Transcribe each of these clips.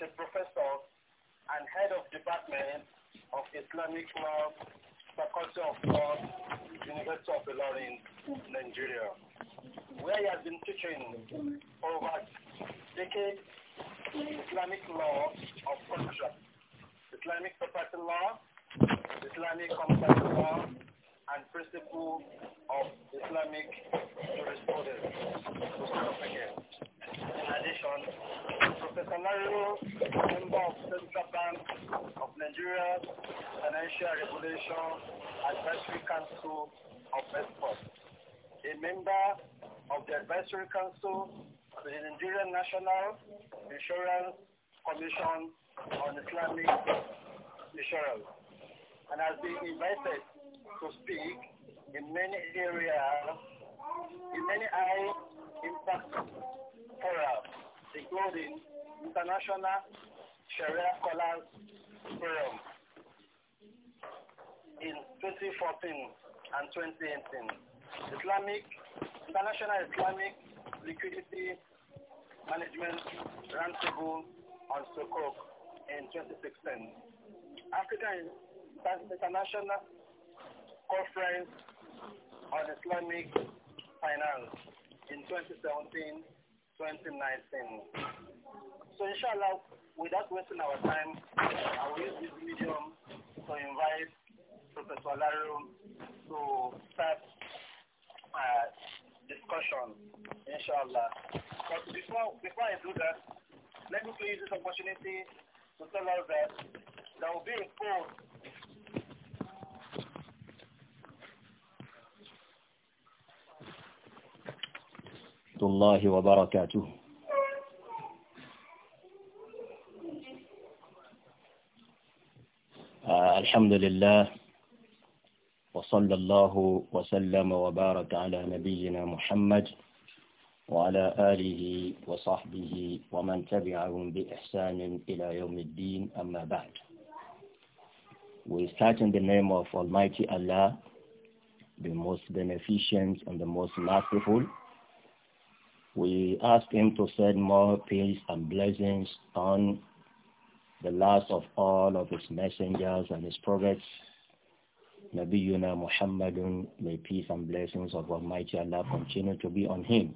is a professor and head of department of Islamic Law, Faculty of Law, University of Ilorin, Nigeria, where he has been teaching over decades Islamic law of contract, Islamic property law, Islamic contract law, and principle of Islamic jurisprudence. In addition, Fesalayo, member of Central Bank of Nigeria, Financial Regulation Advisory Council of Export, a member of the Advisory Council of the Nigerian National Insurance Commission on Islamic Insurance, and has been invited to speak in many areas, in many high impact forums, including International Sharia Scholars Forum in 2014 and 2018. Islamic, International Islamic Liquidity Management Roundtable on Sukuk in 2016. African International Conference on Islamic Finance in 2017-2019. So inshallah, without wasting our time, I will use this medium to invite Professor Alarum to start uh, discussion, inshallah. But before, before I do that, let me please this opportunity to tell us that there will be a poll الله وبركاته الحمد لله وصلى الله وسلم وبارك على نبينا محمد وعلى آله وصحبه ومن تبعهم بإحسان إلى يوم الدين أما بعد We start in the name of Almighty Allah, the most beneficent and the most merciful. We ask Him to send more peace and blessings on the last of all of his messengers and his prophets, Nabiyuna Muhammadun, may peace and blessings of Almighty Allah continue to be on him.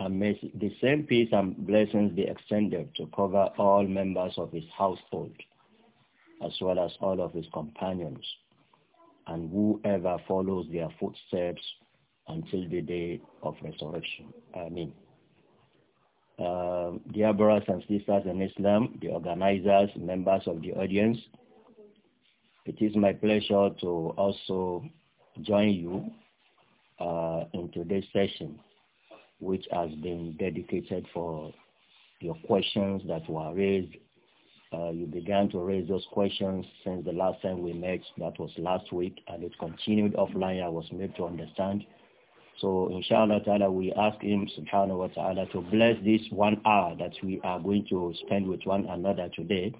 And may the same peace and blessings be extended to cover all members of his household, as well as all of his companions, and whoever follows their footsteps until the day of resurrection. Amen uh, um, dear brothers and sisters in Islam, the organizers, members of the audience, it is my pleasure to also join you uh, in today's session, which has been dedicated for your questions that were raised. Uh, you began to raise those questions since the last time we met, that was last week, and it continued offline, I was made to understand. So inshallah ta'ala we ask him subhanahu wa ta'ala to bless this one hour that we are going to spend with one another today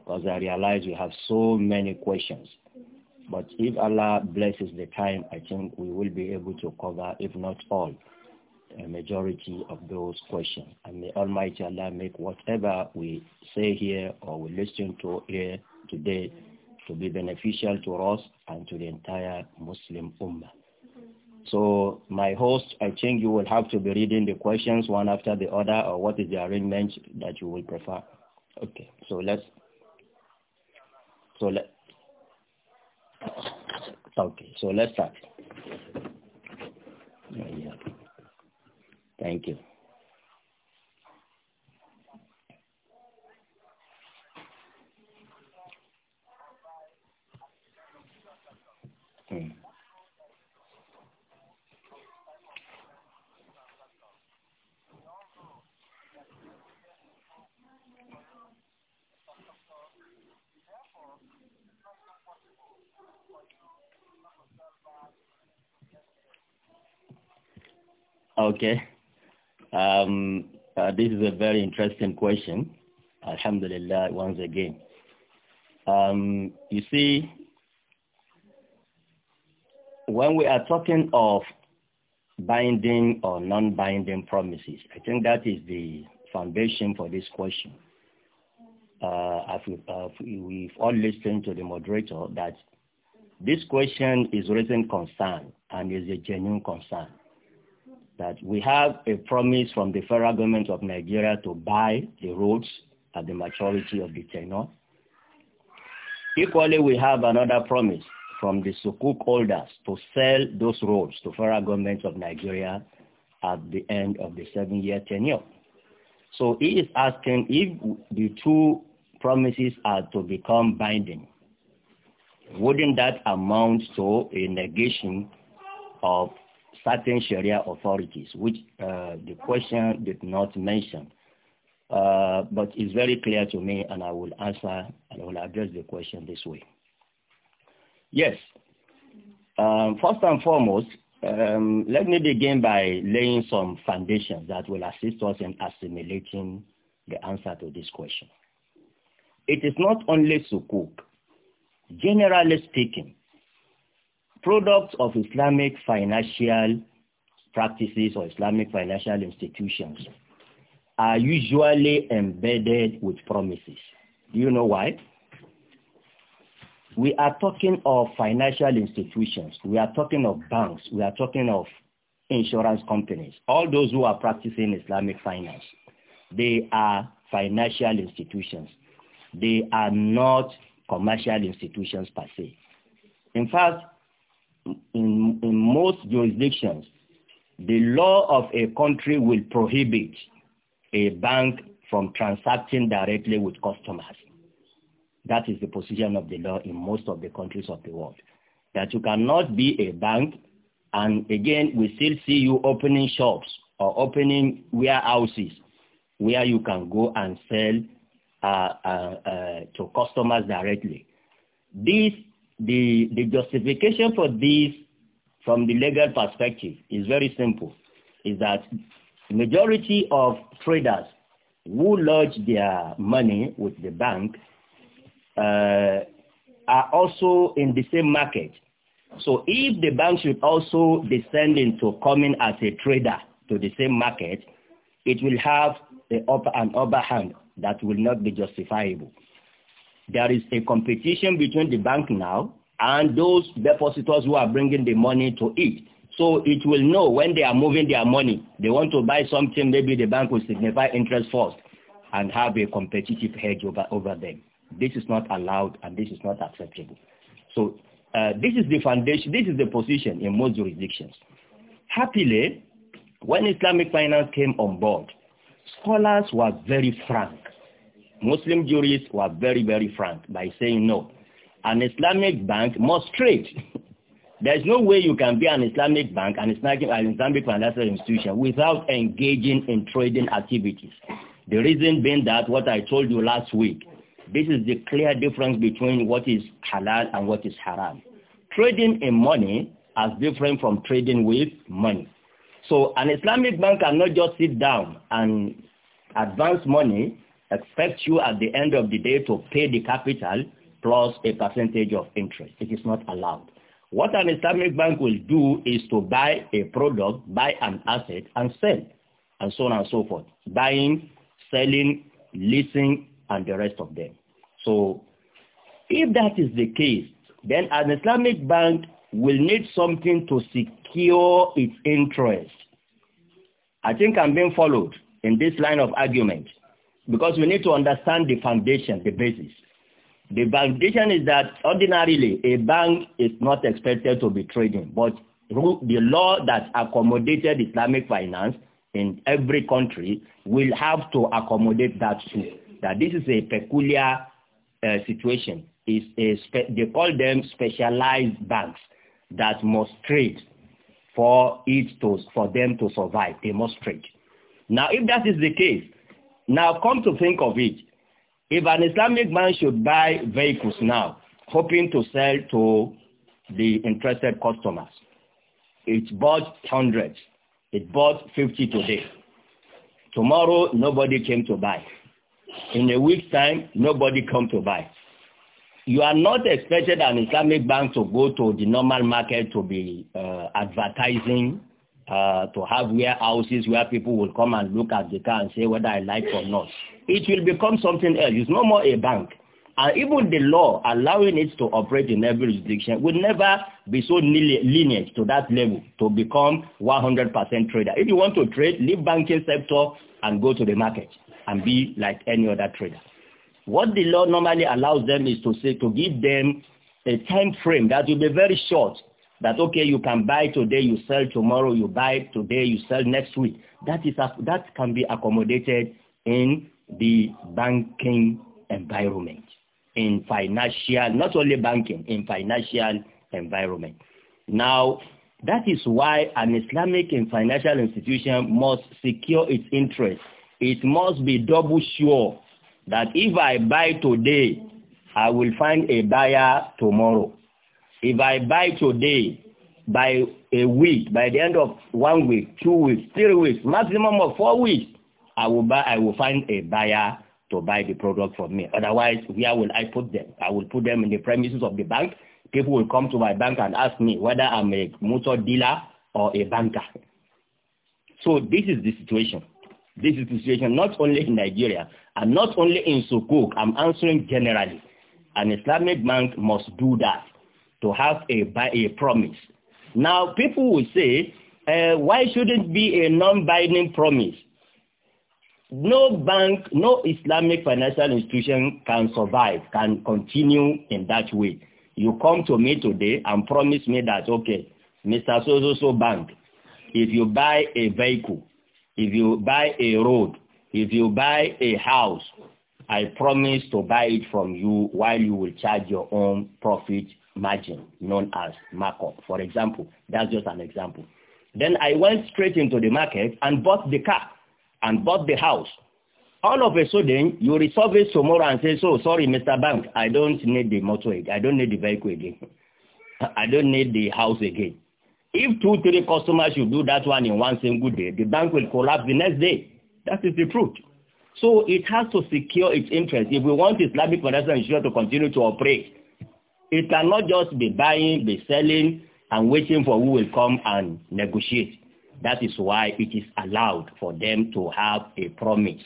because I realize we have so many questions. But if Allah blesses the time, I think we will be able to cover, if not all, a majority of those questions. And may Almighty Allah make whatever we say here or we listen to here today to be beneficial to us and to the entire Muslim Ummah. So my host, I think you will have to be reading the questions one after the other, or what is the arrangement that you will prefer? Okay, so let's. So let. Okay, so let's start. Yeah. Thank you. Hmm. Okay. Um, uh, this is a very interesting question. Alhamdulillah, once again. Um, you see, when we are talking of binding or non-binding promises, I think that is the foundation for this question. Uh, we, uh, we've all listened to the moderator that this question is raising concern and is a genuine concern that we have a promise from the federal government of Nigeria to buy the roads at the maturity of the tenure. Equally, we have another promise from the Sukuk holders to sell those roads to federal government of Nigeria at the end of the seven-year tenure. So he is asking if the two promises are to become binding, wouldn't that amount to a negation of certain Sharia authorities, which uh, the question did not mention. Uh, but it's very clear to me, and I will answer and I will address the question this way. Yes. Um, first and foremost, um, let me begin by laying some foundations that will assist us in assimilating the answer to this question. It is not only sukuk. Generally speaking, products of Islamic financial practices or Islamic financial institutions are usually embedded with promises. Do you know why? We are talking of financial institutions. We are talking of banks. We are talking of insurance companies. All those who are practicing Islamic finance, they are financial institutions. They are not commercial institutions per se. In fact, in, in most jurisdictions, the law of a country will prohibit a bank from transacting directly with customers. That is the position of the law in most of the countries of the world. That you cannot be a bank, and again, we still see you opening shops or opening warehouses where you can go and sell uh, uh, uh, to customers directly. This the, the justification for this from the legal perspective is very simple, is that majority of traders who lodge their money with the bank uh, are also in the same market. So if the bank should also descend into coming as a trader to the same market, it will have the upper and upper hand that will not be justifiable. There is a competition between the bank now and those depositors who are bringing the money to it. So it will know when they are moving their money. They want to buy something, maybe the bank will signify interest first and have a competitive hedge over, over them. This is not allowed and this is not acceptable. So uh, this is the foundation, this is the position in most jurisdictions. Happily, when Islamic finance came on board, scholars were very frank Muslim jurists were very, very frank by saying no. An Islamic bank must trade. There's no way you can be an Islamic bank, and Islamic, an Islamic financial institution without engaging in trading activities. The reason being that what I told you last week, this is the clear difference between what is halal and what is haram. Trading in money is different from trading with money. So an Islamic bank cannot just sit down and advance money Expect you at the end of the day to pay the capital plus a percentage of interest. It is not allowed. What an Islamic bank will do is to buy a product, buy an asset, and sell, and so on and so forth. Buying, selling, leasing, and the rest of them. So if that is the case, then an Islamic bank will need something to secure its interest. I think I'm being followed in this line of argument. Because we need to understand the foundation, the basis. The foundation is that ordinarily a bank is not expected to be trading, but the law that accommodated Islamic finance in every country will have to accommodate that too. That this is a peculiar uh, situation. Is a spe- they call them specialized banks that must trade for it to, for them to survive. They must trade. Now, if that is the case, now, come to think of it, if an Islamic man should buy vehicles now, hoping to sell to the interested customers, it bought hundreds, it bought 50 today. Tomorrow, nobody came to buy. In a week's time, nobody come to buy. You are not expected an Islamic bank to go to the normal market to be uh, advertising uh, to have warehouses where people will come and look at the car and say whether I like or not. It will become something else. It's no more a bank. And even the law allowing it to operate in every jurisdiction will never be so lenient to that level to become 100% trader. If you want to trade, leave banking sector and go to the market and be like any other trader. What the law normally allows them is to say to give them a time frame that will be very short That okay, you can buy today, you sell tomorrow, you buy today, you sell next week. That is that can be accommodated in the banking environment, in financial, not only banking, in financial environment. Now, that is why an Islamic financial institution must secure its interest. It must be double sure that if I buy today, I will find a buyer tomorrow. If I buy today, by a week, by the end of one week, two weeks, three weeks, maximum of four weeks, I will buy, I will find a buyer to buy the product from me. Otherwise, where will I put them? I will put them in the premises of the bank. People will come to my bank and ask me whether I'm a motor dealer or a banker. So this is the situation. This is the situation not only in Nigeria and not only in Sokoke. I'm answering generally. An Islamic bank must do that to have a, a promise. Now, people will say, uh, why should it be a non-binding promise? No bank, no Islamic financial institution can survive, can continue in that way. You come to me today and promise me that, okay, Mr. So-so-so bank, if you buy a vehicle, if you buy a road, if you buy a house, I promise to buy it from you while you will charge your own profit margin known as markup. For example, that's just an example. Then I went straight into the market and bought the car and bought the house. All of a sudden, you resurface tomorrow and say, so sorry, Mr. Bank, I don't need the motor, I don't need the vehicle again. I don't need the house again. If two, three customers should do that one in one single day, the bank will collapse the next day. That is the truth. So it has to secure its interest. If we want Islamic financial insurance to continue to operate, It cannot just be buying, be selling, and waiting for who will come and negotiate. That is why it is allowed for them to have a promise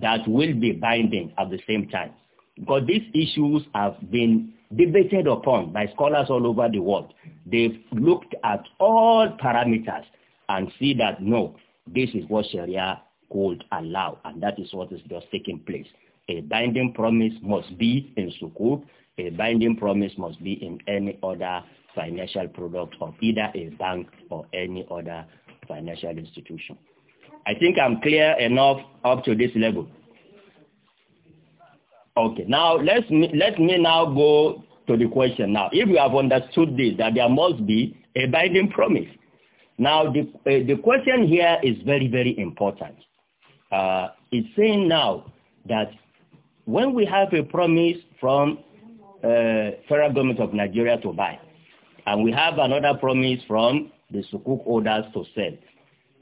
that will be binding at the same time. Because these issues have been debated upon by scholars all over the world. They've looked at all parameters and see that no, this is what Sharia could allow, and that is what is just taking place. A binding promise must be in sukuk, a binding promise must be in any other financial product of either a bank or any other financial institution. I think I'm clear enough up to this level. Okay, now let's let me now go to the question now. If you have understood this, that there must be a binding promise. Now, the, uh, the question here is very, very important. Uh, it's saying now that when we have a promise from uh, federal government of Nigeria to buy. And we have another promise from the sukuk holders to sell.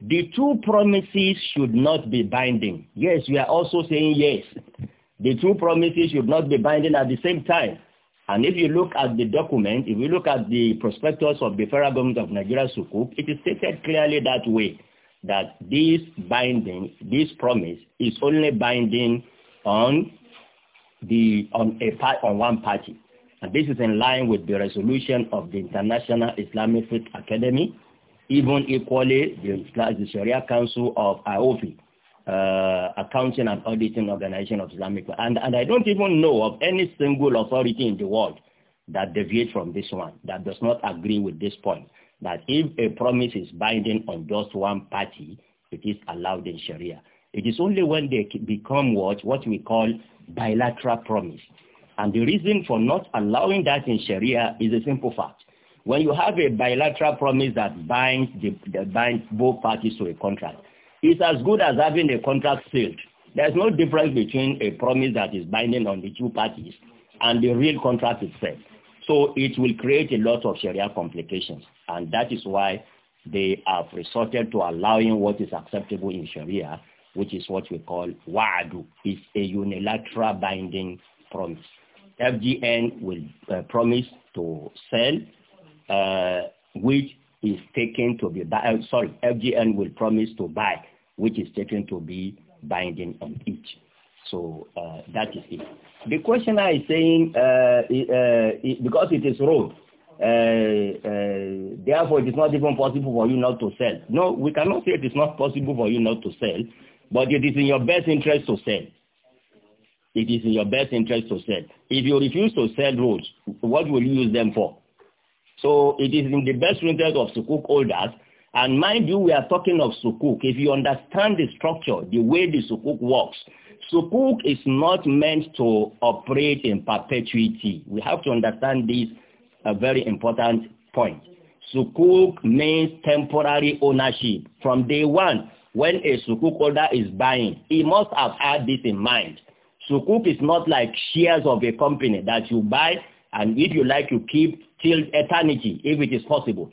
The two promises should not be binding. Yes, we are also saying yes. The two promises should not be binding at the same time. And if you look at the document, if you look at the prospectus of the federal government of Nigeria Sukuk, it is stated clearly that way, that this binding, this promise is only binding on the on a part, on one party. And this is in line with the resolution of the International Islamic Faith Academy, even equally the, the Sharia Council of IOFI, uh, Accounting and Auditing Organization of Islamic And, and I don't even know of any single authority in the world that deviates from this one, that does not agree with this point, that if a promise is binding on just one party, it is allowed in Sharia. It is only when they become what, what we call bilateral promise. And the reason for not allowing that in Sharia is a simple fact. When you have a bilateral promise that binds, the, binds both parties to a contract, it's as good as having a contract sealed. There's no difference between a promise that is binding on the two parties and the real contract itself. So it will create a lot of Sharia complications. And that is why they have resorted to allowing what is acceptable in Sharia which is what we call wa'adu. It's a unilateral binding promise. FGN will uh, promise to sell, uh, which is taken to be, uh, sorry, FGN will promise to buy, which is taken to be binding on each. So uh, that is it. The questioner is saying, uh, it, uh, because it is road, uh, therefore it is not even possible for you not to sell. No, we cannot say it is not possible for you not to sell but it is in your best interest to sell. It is in your best interest to sell. If you refuse to sell roads, what will you use them for? So it is in the best interest of sukuk holders. And mind you, we are talking of sukuk. If you understand the structure, the way the sukuk works, sukuk is not meant to operate in perpetuity. We have to understand this a very important point. Sukuk means temporary ownership. From day one, when a sukuk holder is buying, he must have had this in mind. Sukuk is not like shares of a company that you buy and if you like you keep till eternity if it is possible.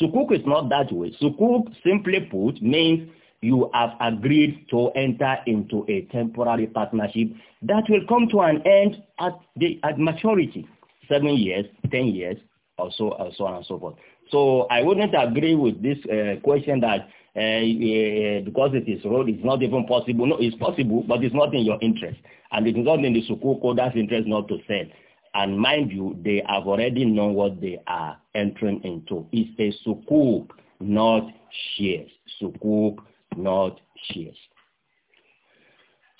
Sukuk is not that way. Sukuk, simply put, means you have agreed to enter into a temporary partnership that will come to an end at, the, at maturity, seven years, ten years, or so, or so on and so forth. So I wouldn't agree with this uh, question that Eh, eh, because it is road, it's not even possible. No, it's possible, but it's not in your interest. And it is not in the sukuk holder's interest not to sell. And mind you, they have already known what they are entering into. It's a sukuk, not shares. Sukuk, not shares.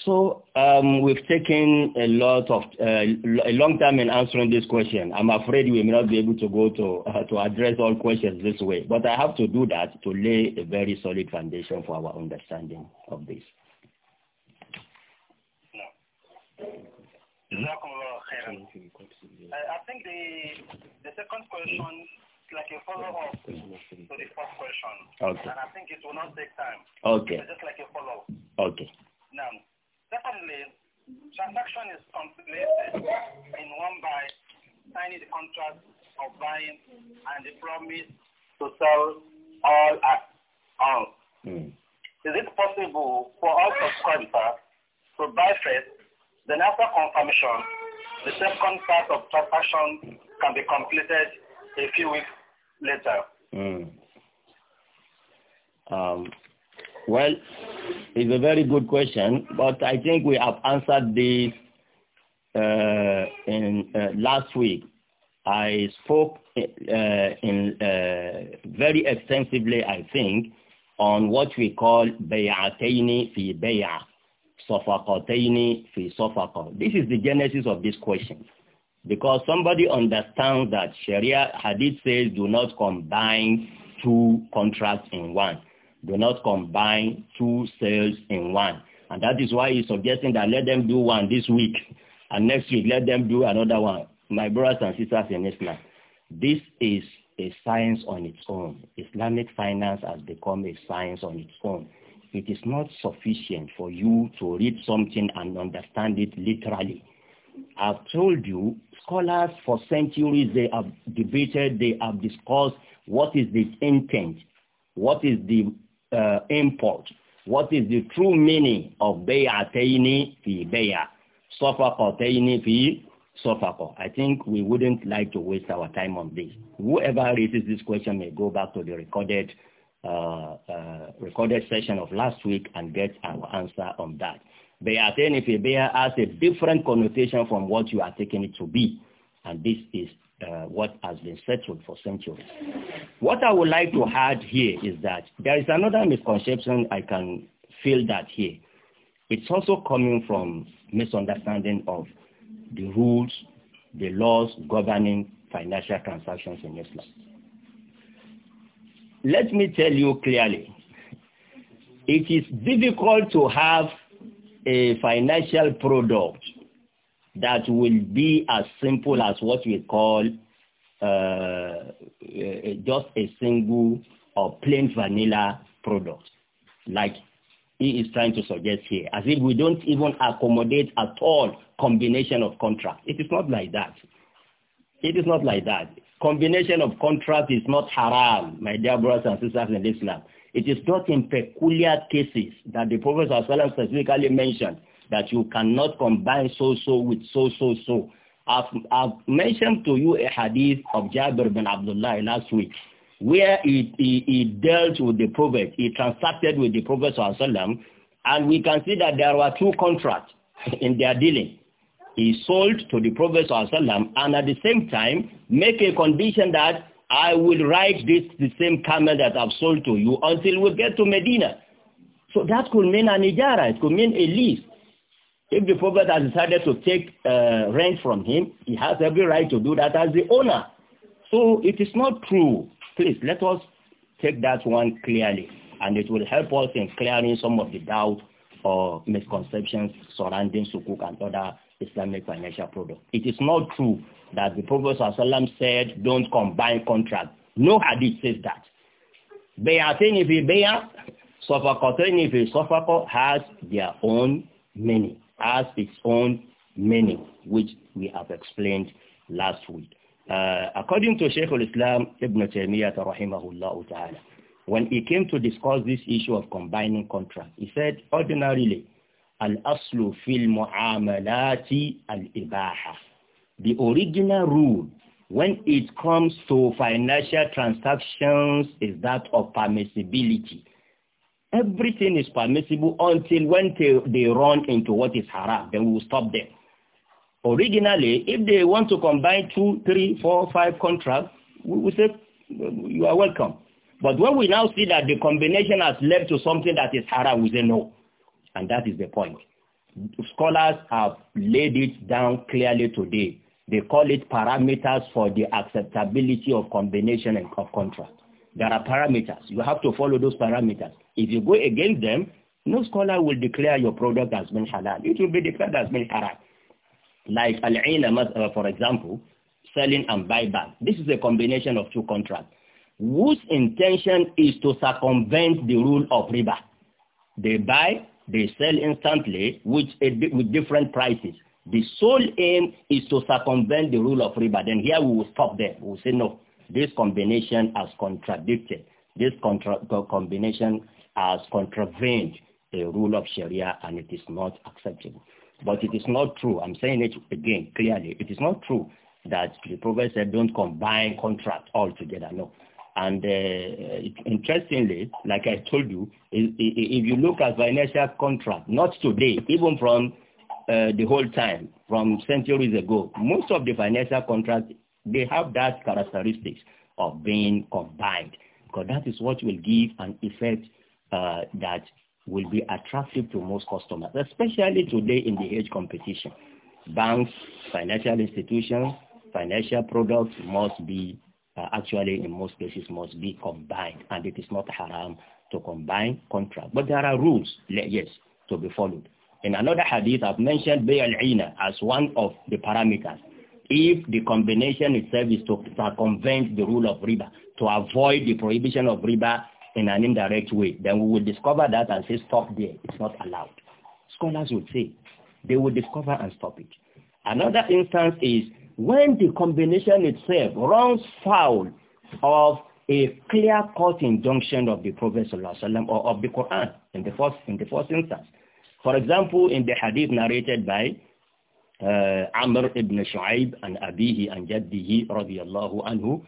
So um, we've taken a lot of uh, a long time in answering this question. I'm afraid we may not be able to go to uh, to address all questions this way, but I have to do that to lay a very solid foundation for our understanding of this. I, think the the second question like a follow-up to the first question. Okay. And I think it will not take time. Okay. It's just like a follow-up. Okay. Now, Secondly, transaction is completed in one by signing the contract of buying and the promise to sell all at all. Mm. Is it possible for all subscribers to buy first, then after confirmation, the second part of transaction can be completed a few weeks later? Mm. Um, well, it's a very good question, but I think we have answered this uh, in uh, last week. I spoke uh, uh in uh, very extensively, I think, on what we call bayatini fi bay'a, safaqataini fi safaqa. This is the genesis of this question. Because somebody understands that Sharia hadith says do not combine two contracts in one. Do not combine two sales in one. And that is why he's suggesting that let them do one this week. And next week, let them do another one. My brothers and sisters in Islam, this is a science on its own. Islamic finance has become a science on its own. It is not sufficient for you to read something and understand it literally. I've told you, scholars for centuries, they have debated, they have discussed what is the intent, what is the uh, import. What is the true meaning of bay'ataini fi bay'a? Safaqataini fi safaqa. I think we wouldn't like to waste our time on this. Whoever raises this question may go back to the recorded uh, uh, recorded session of last week and get our answer on that. Bay'ataini fi bay'a has a different connotation from what you are taking it to be. And this is uh, what has been settled for centuries. What I would like to add here is that there is another misconception I can feel that here. It's also coming from misunderstanding of the rules, the laws governing financial transactions in Islam. Let me tell you clearly, it is difficult to have a financial product that will be as simple as what we call uh, uh, just a single or plain vanilla product, like he is trying to suggest here, as if we don't even accommodate at all combination of contract. It is not like that. It is not like that. Combination of contract is not haram, my dear brothers and sisters in Islam. It is not in peculiar cases that the Prophet specifically mentioned that you cannot combine so-so with so-so-so. I've, I've mentioned to you a hadith of Jabir bin Abdullah last week where he, he, he, dealt with the prophet, he transacted with the prophet sallam, and we can see that there were two contracts in their dealing. He sold to the prophet sallam, and at the same time make a condition that I will ride this the same camel that I've sold to you until we get to Medina. So that could mean an ijara, it could mean a lease. If the prophet has decided to take uh, rent from him, he has every right to do that as the owner. So it is not true. Please, let us take that one clearly, and it will help us in clearing some of the doubt or misconceptions surrounding sukuk and other Islamic financial products. It is not true that the Prophet ﷺ said, don't combine contracts. No hadith says that. Bayatin if he bayat, Sofakotin if he has their own meaning has its own meaning, which we have explained last week. Uh, according to Sheikh al-Islam Ibn Taymiyyah rahimahullah ta'ala, when he came to discuss this issue of combining contracts, he said, ordinarily, al-aslu fil mu'amalati al-ibaha. The original rule when it comes to financial transactions is that of permissibility. Everything is permissible until when they, run into what is haram, then we will stop them. Originally, if they want to combine two, three, four, five contracts, we will say, you are welcome. But when we now see that the combination has led to something that is haram, we say no. And that is the point. Scholars have laid it down clearly today. They call it parameters for the acceptability of combination and of contract. There are parameters. You have to follow those parameters. If you go against them, no scholar will declare your product as being halal. It will be declared as being haram. Like al-ilm, for example, selling and buyback. This is a combination of two contracts whose intention is to circumvent the rule of riba. They buy, they sell instantly with, a, with different prices. The sole aim is to circumvent the rule of riba. Then here we will stop there. We will say, no, this combination has contradicted. This contra combination has contravened the rule of Sharia and it is not acceptable. But it is not true. I'm saying it again clearly. It is not true that the Prophet said don't combine contract altogether. No. And uh, interestingly, like I told you, if, if, you look at financial contract, not today, even from uh, the whole time, from centuries ago, most of the financial contracts, they have that characteristics of being combined because that is what will give an effect uh, that will be attractive to most customers, especially today in the age competition. Banks, financial institutions, financial products must be, uh, actually in most cases, must be combined. And it is not haram to combine contract. But there are rules, yes, to be followed. In another hadith, I've mentioned Bay al as one of the parameters. If the combination itself is to circumvent the rule of riba, to avoid the prohibition of riba in an indirect way, then we will discover that and say, stop there. It's not allowed. Scholars would say, they will discover and stop it. Another instance is when the combination itself runs foul of a clear-cut injunction of the Prophet ﷺ or of the Quran in the first in the first instance. For example, in the hadith narrated by uh, Amr ibn Shu'aib and Abihi and Jaddihi radiyallahu anhu,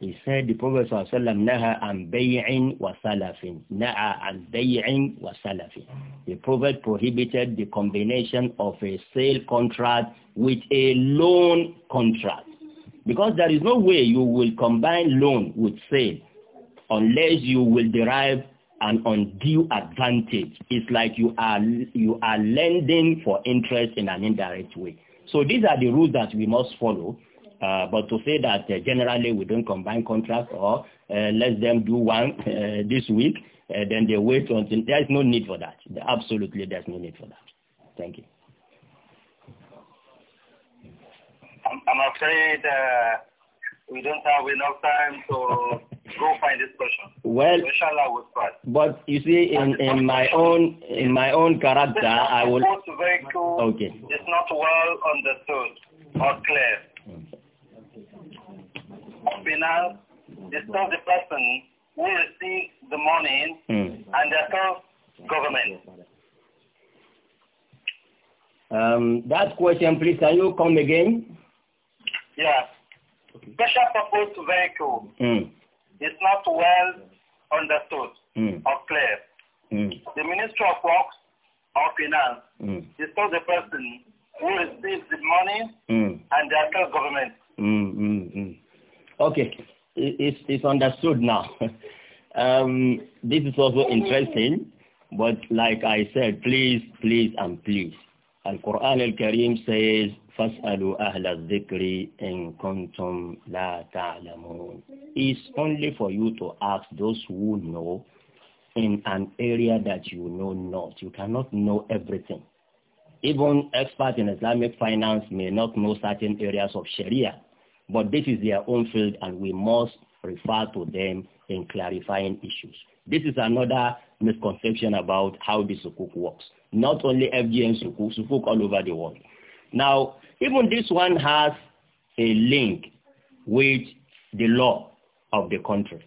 he said the Prophet sallam naha an bay'in wa salafin. Naha an bay'in wa salafin. The Prophet prohibited the combination of a sale contract with a loan contract. Because there is no way you will combine loan with sale unless you will derive an undue advantage. It's like you are, you are lending for interest in an indirect way. So these are the rules that we must follow uh, but to say that uh, generally we don't combine contracts or uh, let them do one uh, this week, uh, then they wait until there is no need for that. Absolutely, there's no need for that. Thank you. I'm, i afraid uh, we don't have enough time to go find this question. Well, inshallah, we'll try. But you see, in, in my own in my own character, I will. okay. It's not well understood or clear. Bilal is not the person who receives the money mm. and therefore government. Um, that question, please, can you come again? Yeah. Special purpose vehicle mm. is not well understood mm. or clear. Mm. The Minister of Works or Finance mm. is not the person who receives the money hmm. and the actual government. Hmm, hmm, Okay, it's, it's understood now. um, this is also interesting, but like I said, please, please, and please. Al-Quran al-Karim says, فَاسْأَلُوا أَهْلَ الذِّكْرِ إِن كُنْتُمْ لَا تَعْلَمُونَ It's only for you to ask those who know in an area that you know not. You cannot know everything. Even experts in Islamic finance may not know certain areas of Sharia but this is their own field and we must refer to them in clarifying issues. This is another misconception about how the sukuk works. Not only FGM sukuk, sukuk all over the world. Now, even this one has a link with the law of the country,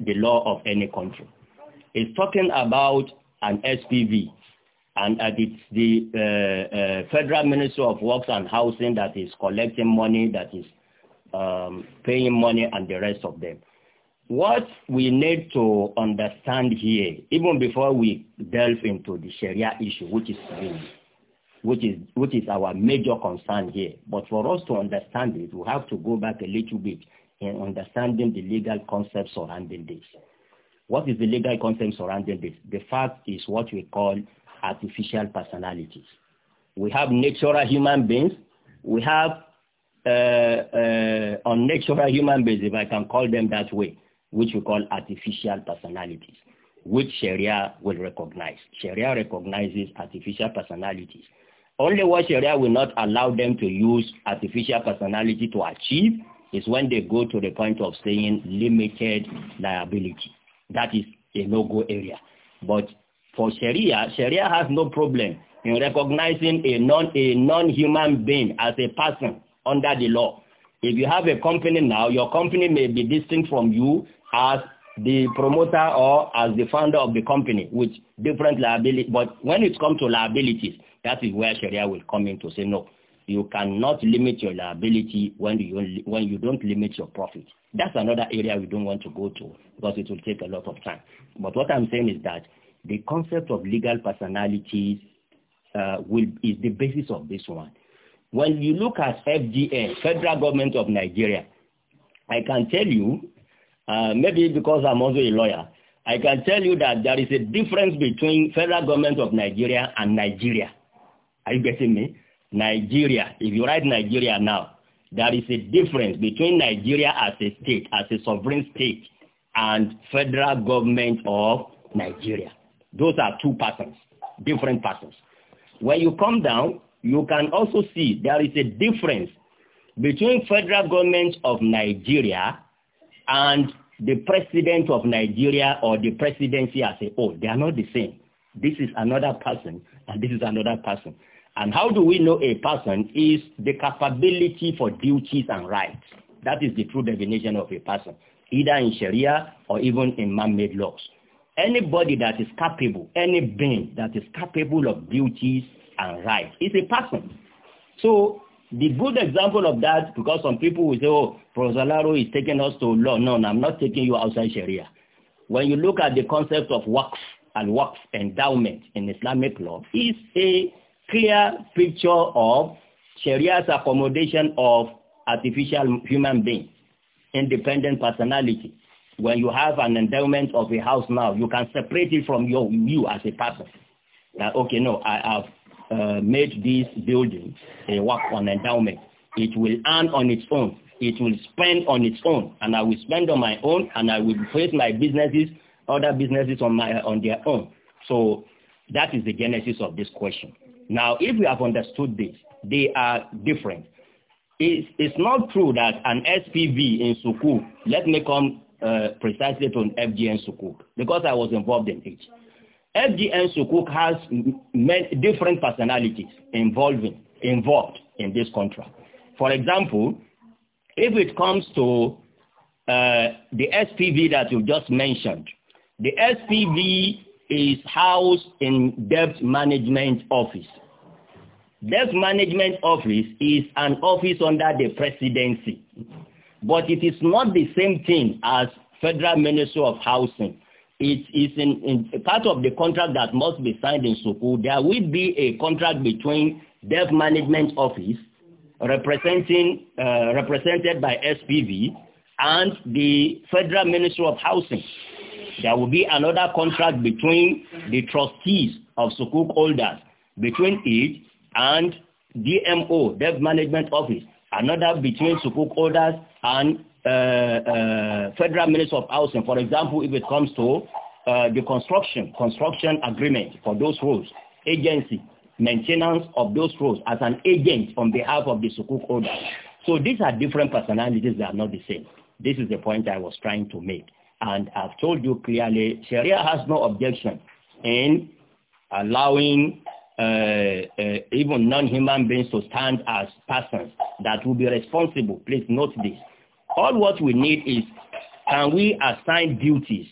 the law of any country. It's talking about an SPV, and it's uh, the uh, uh, Federal Ministry of Works and Housing that is collecting money that is um, paying money and the rest of them. What we need to understand here, even before we delve into the Sharia issue, which is which is which is our major concern here. But for us to understand it, we have to go back a little bit in understanding the legal concepts surrounding this. What is the legal concept surrounding this? The fact is what we call artificial personalities. We have natural human beings. We have uh, unnatural uh, human beings, if I can call them that way, which we call artificial personalities, which Sharia will recognize. Sharia recognizes artificial personalities. Only what Sharia will not allow them to use artificial personality to achieve is when they go to the point of saying limited liability. That is a no-go area. But for Sharia, Sharia has no problem in recognizing a non a non-human being as a person under the law. If you have a company now, your company may be distinct from you as the promoter or as the founder of the company with different liability. But when it comes to liabilities, that is where Sharia will come in to say no. You cannot limit your liability when you, when you don't limit your profit. That's another area we don't want to go to because it will take a lot of time. But what I'm saying is that the concept of legal personalities uh, will, is the basis of this one. When you look at FGN, Federal Government of Nigeria, I can tell you, uh, maybe because I'm also a lawyer, I can tell you that there is a difference between Federal Government of Nigeria and Nigeria. Are you getting me? Nigeria, if you write Nigeria now, there is a difference between Nigeria as a state, as a sovereign state, and Federal Government of Nigeria. Those are two persons, different persons. When you come down, you can also see there is a difference between federal government of Nigeria and the president of Nigeria or the presidency as a whole. They are not the same. This is another person and this is another person. And how do we know a person is the capability for duties and rights. That is the true definition of a person, either in Sharia or even in man-made laws. Anybody that is capable, any being that is capable of duties and right. It's a person. So the good example of that, because some people will say, oh, Prosalaro is taking us to law. No, no, I'm not taking you outside Sharia. When you look at the concept of waqf and waqf endowment in Islamic law, it's a clear picture of Sharia's accommodation of artificial human beings, independent personality. When you have an endowment of a house now, you can separate it from your you as a person. That, okay, no, I have uh, made this building a work on endowment. It will earn on its own. It will spend on its own. And I will spend on my own and I will create my businesses, other businesses on, my, on their own. So that is the genesis of this question. Now, if we have understood this, they are different. It's, it's not true that an SPV in Sukuk, let me come uh, precisely to an FGN Sukuk, because I was involved in it. FGN Sukuk has many different personalities involving, involved in this contract. For example, if it comes to uh, the SPV that you just mentioned, the SPV is housed in Debt Management Office. Debt Management Office is an office under the presidency, but it is not the same thing as Federal Ministry of Housing it is in, in part of the contract that must be signed in Suku. There will be a contract between Dev Management Office, representing uh, represented by SPV, and the Federal Ministry of Housing. There will be another contract between the trustees of Sukuk holders, between it and DMO, Dev Management Office. Another between Sukuk holders and uh, uh, federal minister of housing, for example, if it comes to uh, the construction, construction agreement for those roads, agency, maintenance of those roads as an agent on behalf of the sukuk holder. So these are different personalities that are not the same. This is the point I was trying to make. And I've told you clearly, Sharia has no objection in allowing uh, uh, even non-human beings to stand as persons that will be responsible. Please note this. All what we need is, can we assign duties?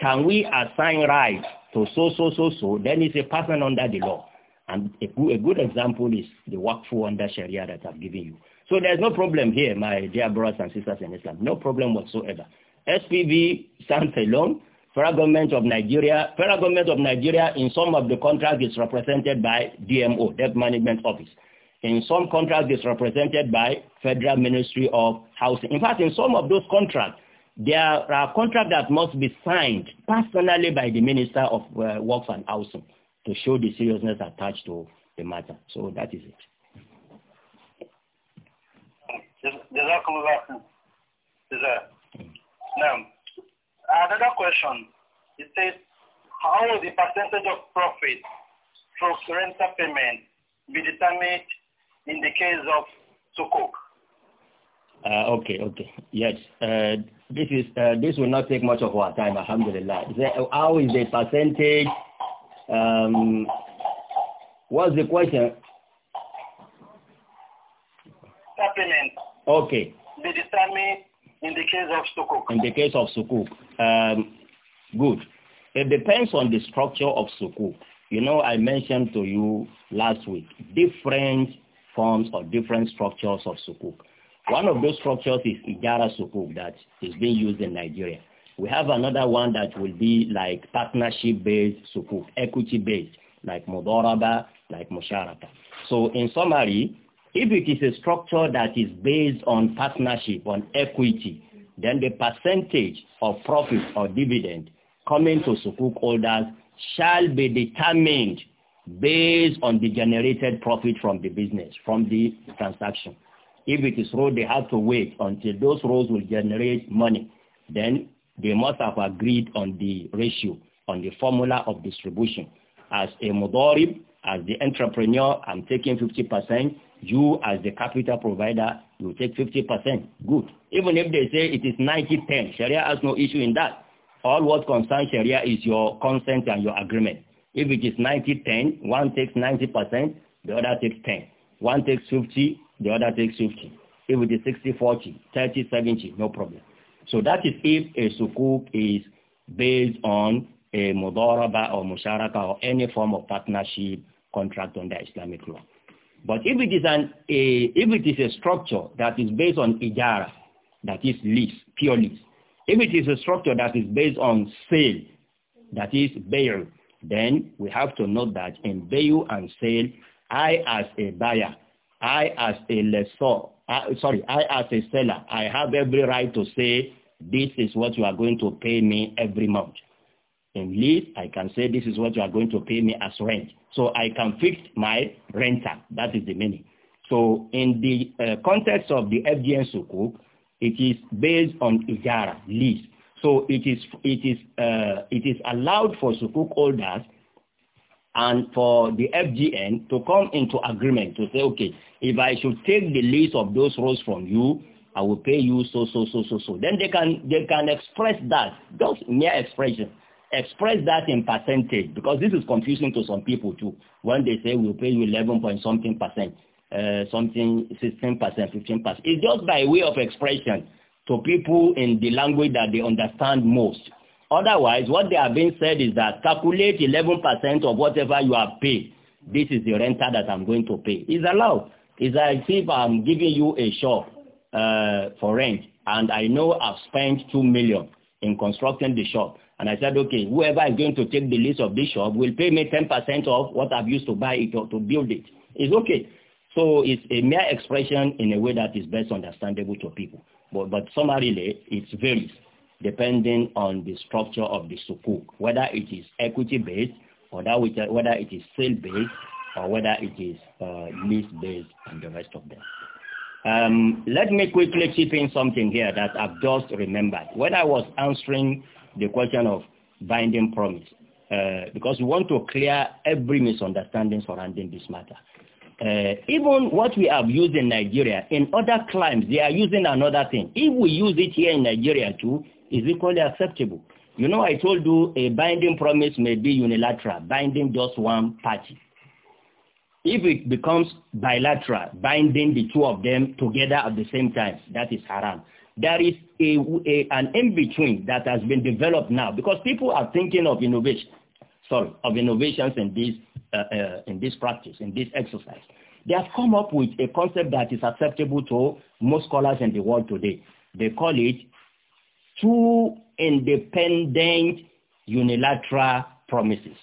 Can we assign rights to so, so, so, so? Then it's a person under the law. And a good, a good example is the for under Sharia that I've given you. So there's no problem here, my dear brothers and sisters in Islam. No problem whatsoever. SPV stands alone. Federal government of Nigeria, federal government of Nigeria in some of the contracts is represented by DMO, Debt Management Office. In some contracts, it's represented by Federal Ministry of Housing. In fact, in some of those contracts, there are contracts that must be signed personally by the Minister of uh, Works and Housing to show the seriousness attached to the matter. So that is it. Now, another question. It says, how will the percentage of profit through rental payment be determined in the case of Sukuk? Uh, okay, okay. Yes. Uh, this is uh, this will not take much of our time, alhamdulillah. Is there, how is the percentage? Um, what's the question? Settlement. Okay. They determine in the case of Sukuk. In the case of Sukuk. Um, good. It depends on the structure of Sukuk. You know, I mentioned to you last week, different forms or different structures of sukuk. One of those structures is Ijara Sukuk that is being used in Nigeria. We have another one that will be like partnership-based Sukuk, equity-based, like Mudoraba, like Musharaka. So in summary, if it is a structure that is based on partnership, on equity, then the percentage of profit or dividend coming to Sukuk holders shall be determined based on the generated profit from the business, from the transaction. If it is road, they have to wait until those roads will generate money. Then they must have agreed on the ratio, on the formula of distribution. As a mudorib, as the entrepreneur, I'm taking 50%. You, as the capital provider, you take 50%. Good. Even if they say it is 90-10, Sharia has no issue in that. All what concerns Sharia is your consent and your agreement. If it is 90-10, one takes 90%, the other takes 10. One takes 50, the other takes 50. If it is 60-40, 30-70, no problem. So that is if a sukuk is based on a mudaraba or musharaka or any form of partnership contract under Islamic law. But if it is an a, if it is a structure that is based on ijara, that is lease, pure lease. If it is a structure that is based on sale, that is bail, then we have to note that in bail and sale, I as a buyer, I as a lessor, I, sorry, I as a seller, I have every right to say, this is what you are going to pay me every month. In lease, I can say this is what you are going to pay me as rent. So I can fix my renter. That is the meaning. So in the uh, context of the FDN Sukuk, it is based on Ijara, lease. So it is, it is, uh, it is allowed for sukuk holders and for the FGN to come into agreement to say, okay, if I should take the lease of those roads from you, I will pay you so, so, so, so, so. Then they can, they can express that, just mere expression, express that in percentage, because this is confusing to some people too. When they say we'll pay you 11 point something percent, uh, something 16 percent, 15 percent, it's just by way of expression to people in the language that they understand most. Otherwise, what they are being said is that calculate 11% of whatever you have paid. This is the renter that I'm going to pay. It's allowed. It's as if I'm giving you a shop uh, for rent, and I know I've spent 2 million in constructing the shop. And I said, okay, whoever is going to take the lease of this shop will pay me 10% of what I've used to buy it or to build it. It's okay. So it's a mere expression in a way that is best understandable to people. But, but summarily, it varies depending on the structure of the sukuk, whether it is equity-based, or whether it is sale-based, or whether it is uh, lease-based, and the rest of them. Um, let me quickly chip in something here that I've just remembered. When I was answering the question of binding promise, uh, because we want to clear every misunderstanding surrounding this matter. Uh, even what we have used in Nigeria, in other climes, they are using another thing. If we use it here in Nigeria too, is equally acceptable. You know, I told you a binding promise may be unilateral, binding just one party. If it becomes bilateral, binding the two of them together at the same time, that is haram. There is a, a an in-between that has been developed now because people are thinking of innovation, sorry, of innovations in this uh, uh, in this practice, in this exercise. They have come up with a concept that is acceptable to most scholars in the world today. They call it two independent unilateral promises.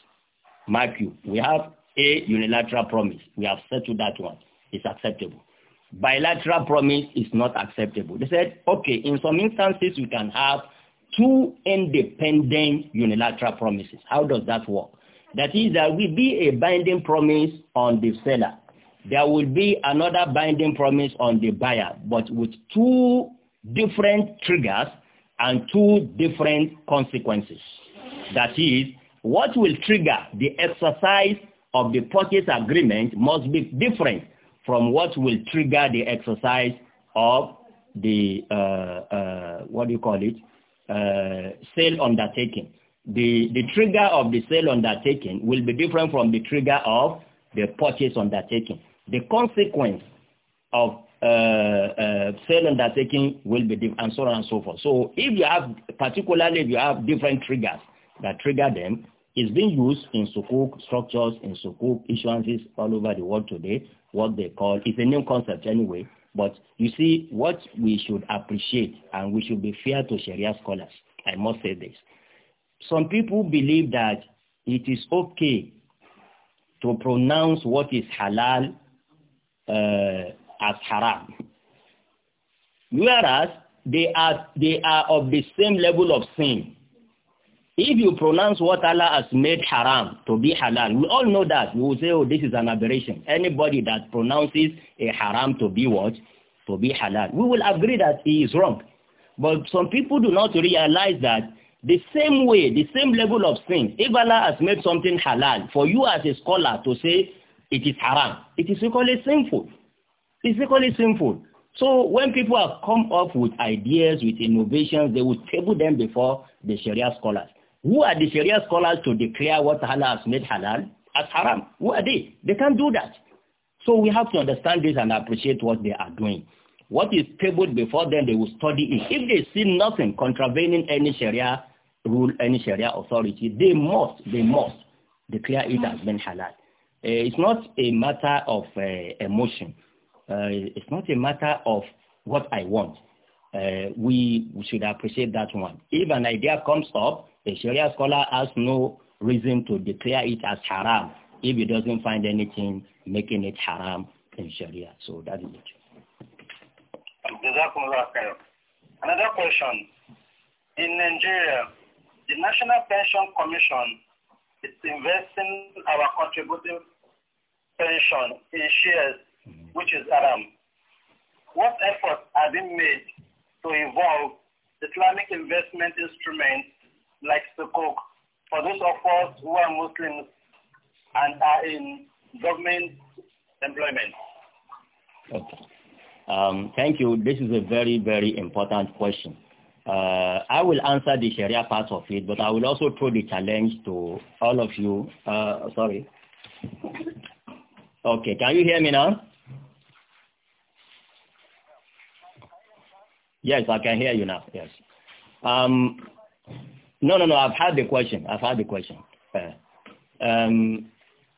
Mark you, we have a unilateral promise. We have settled that one. It's acceptable. Bilateral promise is not acceptable. They said, okay, in some instances, we can have two independent unilateral promises. How does that work? That is, there will be a binding promise on the seller. There will be another binding promise on the buyer, but with two different triggers and two different consequences. That is, what will trigger the exercise of the purchase agreement must be different from what will trigger the exercise of the, uh, uh, what do you call it, uh, sale undertaking the, the trigger of the sale undertaking will be different from the trigger of the purchase undertaking. The consequence of uh, uh, sale undertaking will be different, and so on and so forth. So if you have, particularly if you have different triggers that trigger them, it's being used in sukuk structures, in sukuk issuances all over the world today, what they call, it's a new concept anyway, but you see what we should appreciate and we should be fair to Sharia scholars. I must say this. Some people believe that it is okay to pronounce what is halal uh, as haram. Whereas they are, they are of the same level of sin. If you pronounce what Allah has made haram to be halal, we all know that. We will say, oh, this is an aberration. Anybody that pronounces a haram to be what? To be halal. We will agree that he is wrong. But some people do not realize that the same way, the same level of sin, if Allah has made something halal, for you as a scholar to say it is haram, it is equally sinful. It's equally sinful. So when people have come up with ideas, with innovations, they will table them before the Sharia scholars. Who are the Sharia scholars to declare what Allah has made halal as haram? Who are they? They can't do that. So we have to understand this and appreciate what they are doing. What is tabled before them, they will study it. If they see nothing contravening any Sharia rule any Sharia authority, they must, they must declare it as been halal. Uh, it's not a matter of uh, emotion. Uh, it's not a matter of what I want. We, we, should appreciate that one. If an idea comes up, a Sharia scholar has no reason to declare it as haram if he doesn't find anything making it haram in Sharia. So that is it. Another question. In Nigeria, the National Pension Commission is investing our contributing pension in shares, mm-hmm. which is haram. What efforts are being made to involve Islamic investment instruments like Sukuk for those of us who are Muslims and are in government employment? Okay. Um, thank you. This is a very, very important question. Uh, I will answer the Sharia part of it, but I will also throw the challenge to all of you. Uh, sorry. Okay, can you hear me now? Yes, I can hear you now. Yes. Um, no, no, no. I've had the question. I've had the question. Uh, um,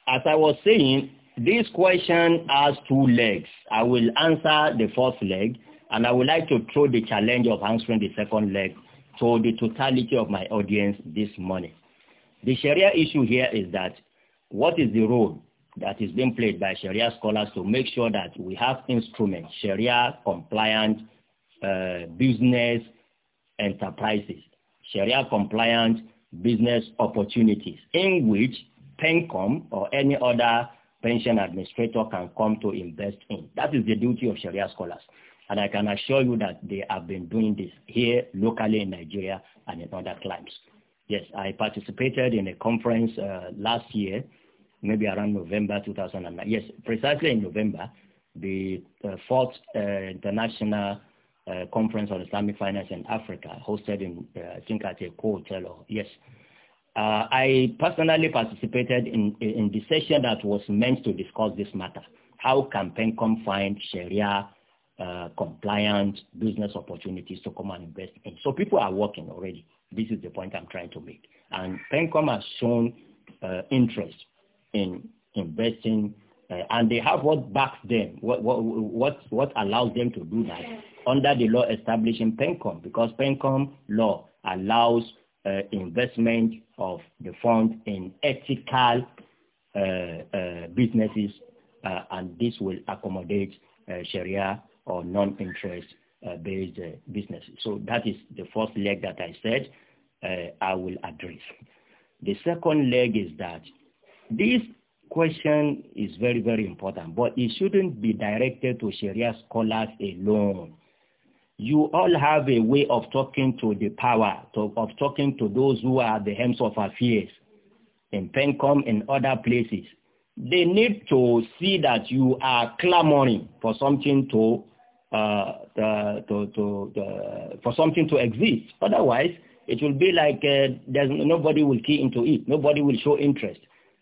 as I was saying, this question has two legs. I will answer the first leg, and I would like to throw the challenge of answering the second leg to the totality of my audience this morning. The Sharia issue here is that what is the role that is being played by Sharia scholars to make sure that we have instruments, Sharia compliant uh, business enterprises, Sharia compliant business opportunities in which PENCOM or any other pension administrator can come to invest in. That is the duty of Sharia scholars. And I can assure you that they have been doing this here locally in Nigeria and in other climes. Yes, I participated in a conference uh, last year, maybe around November 2009. Yes, precisely in November, the uh, fourth uh, international uh, conference on Islamic finance in Africa, hosted in, uh, I think, at a hotel. yes, uh, I personally participated in, in the session that was meant to discuss this matter. How can PENCOM find Sharia uh, compliant business opportunities to come and invest in. So people are working already. This is the point I'm trying to make. And PenCom has shown uh, interest in investing, uh, and they have what backs them, what, what, what, what allows them to do that under the law establishing PenCom, because PenCom law allows uh, investment of the fund in ethical uh, uh, businesses, and this will accommodate Sharia or non-interest uh, based uh, businesses. So that is the first leg that I said uh, I will address. The second leg is that this question is very, very important, but it shouldn't be directed to Sharia scholars alone. You all have a way of talking to the power, to, of talking to those who are the hems of affairs in Pencom and other places. They need to see that you are clamoring for something to uh, the, to, to, for something to exist. Otherwise, it will be like uh, there's, nobody will key into it. Nobody will show interest.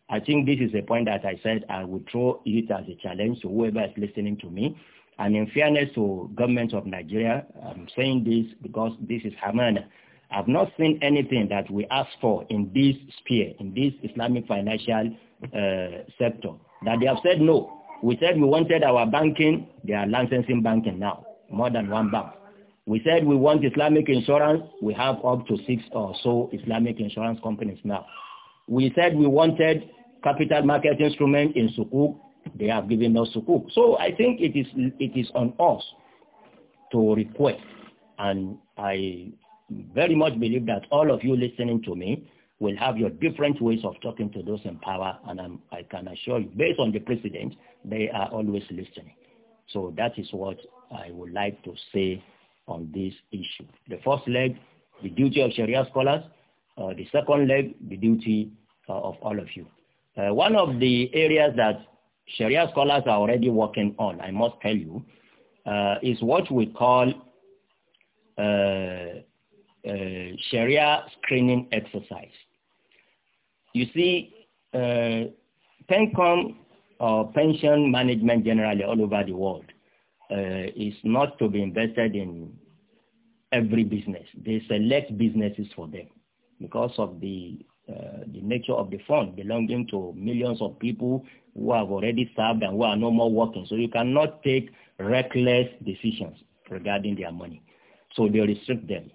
I think this is a point that I said I would throw it as a challenge to whoever is listening to me. And in fairness to government of Nigeria, I'm saying this because this is Hamana. I've not seen anything that we ask for in this sphere, in this Islamic financial uh, sector, that they have said no. We said we wanted our banking, they are licensing banking now, more than one bank. We said we want Islamic insurance, we have up to six or so Islamic insurance companies now. We said we wanted capital market instrument in Sukuk, they have given us Sukuk. So I think it is, it is on us to request, and I very much believe that all of you listening to me will have your different ways of talking to those in power, and I'm, i can assure you, based on the precedent, they are always listening. So that is what I would like to say on this issue. The first leg, the duty of Sharia scholars. Uh, the second leg, the duty uh, of all of you. Uh, one of the areas that Sharia scholars are already working on, I must tell you, uh, is what we call uh, uh, Sharia screening exercise. You see, uh, PENCOM or pension management generally all over the world uh, is not to be invested in every business. They select businesses for them because of the uh, the nature of the fund belonging to millions of people who have already served and who are no more working. So you cannot take reckless decisions regarding their money. So they restrict them.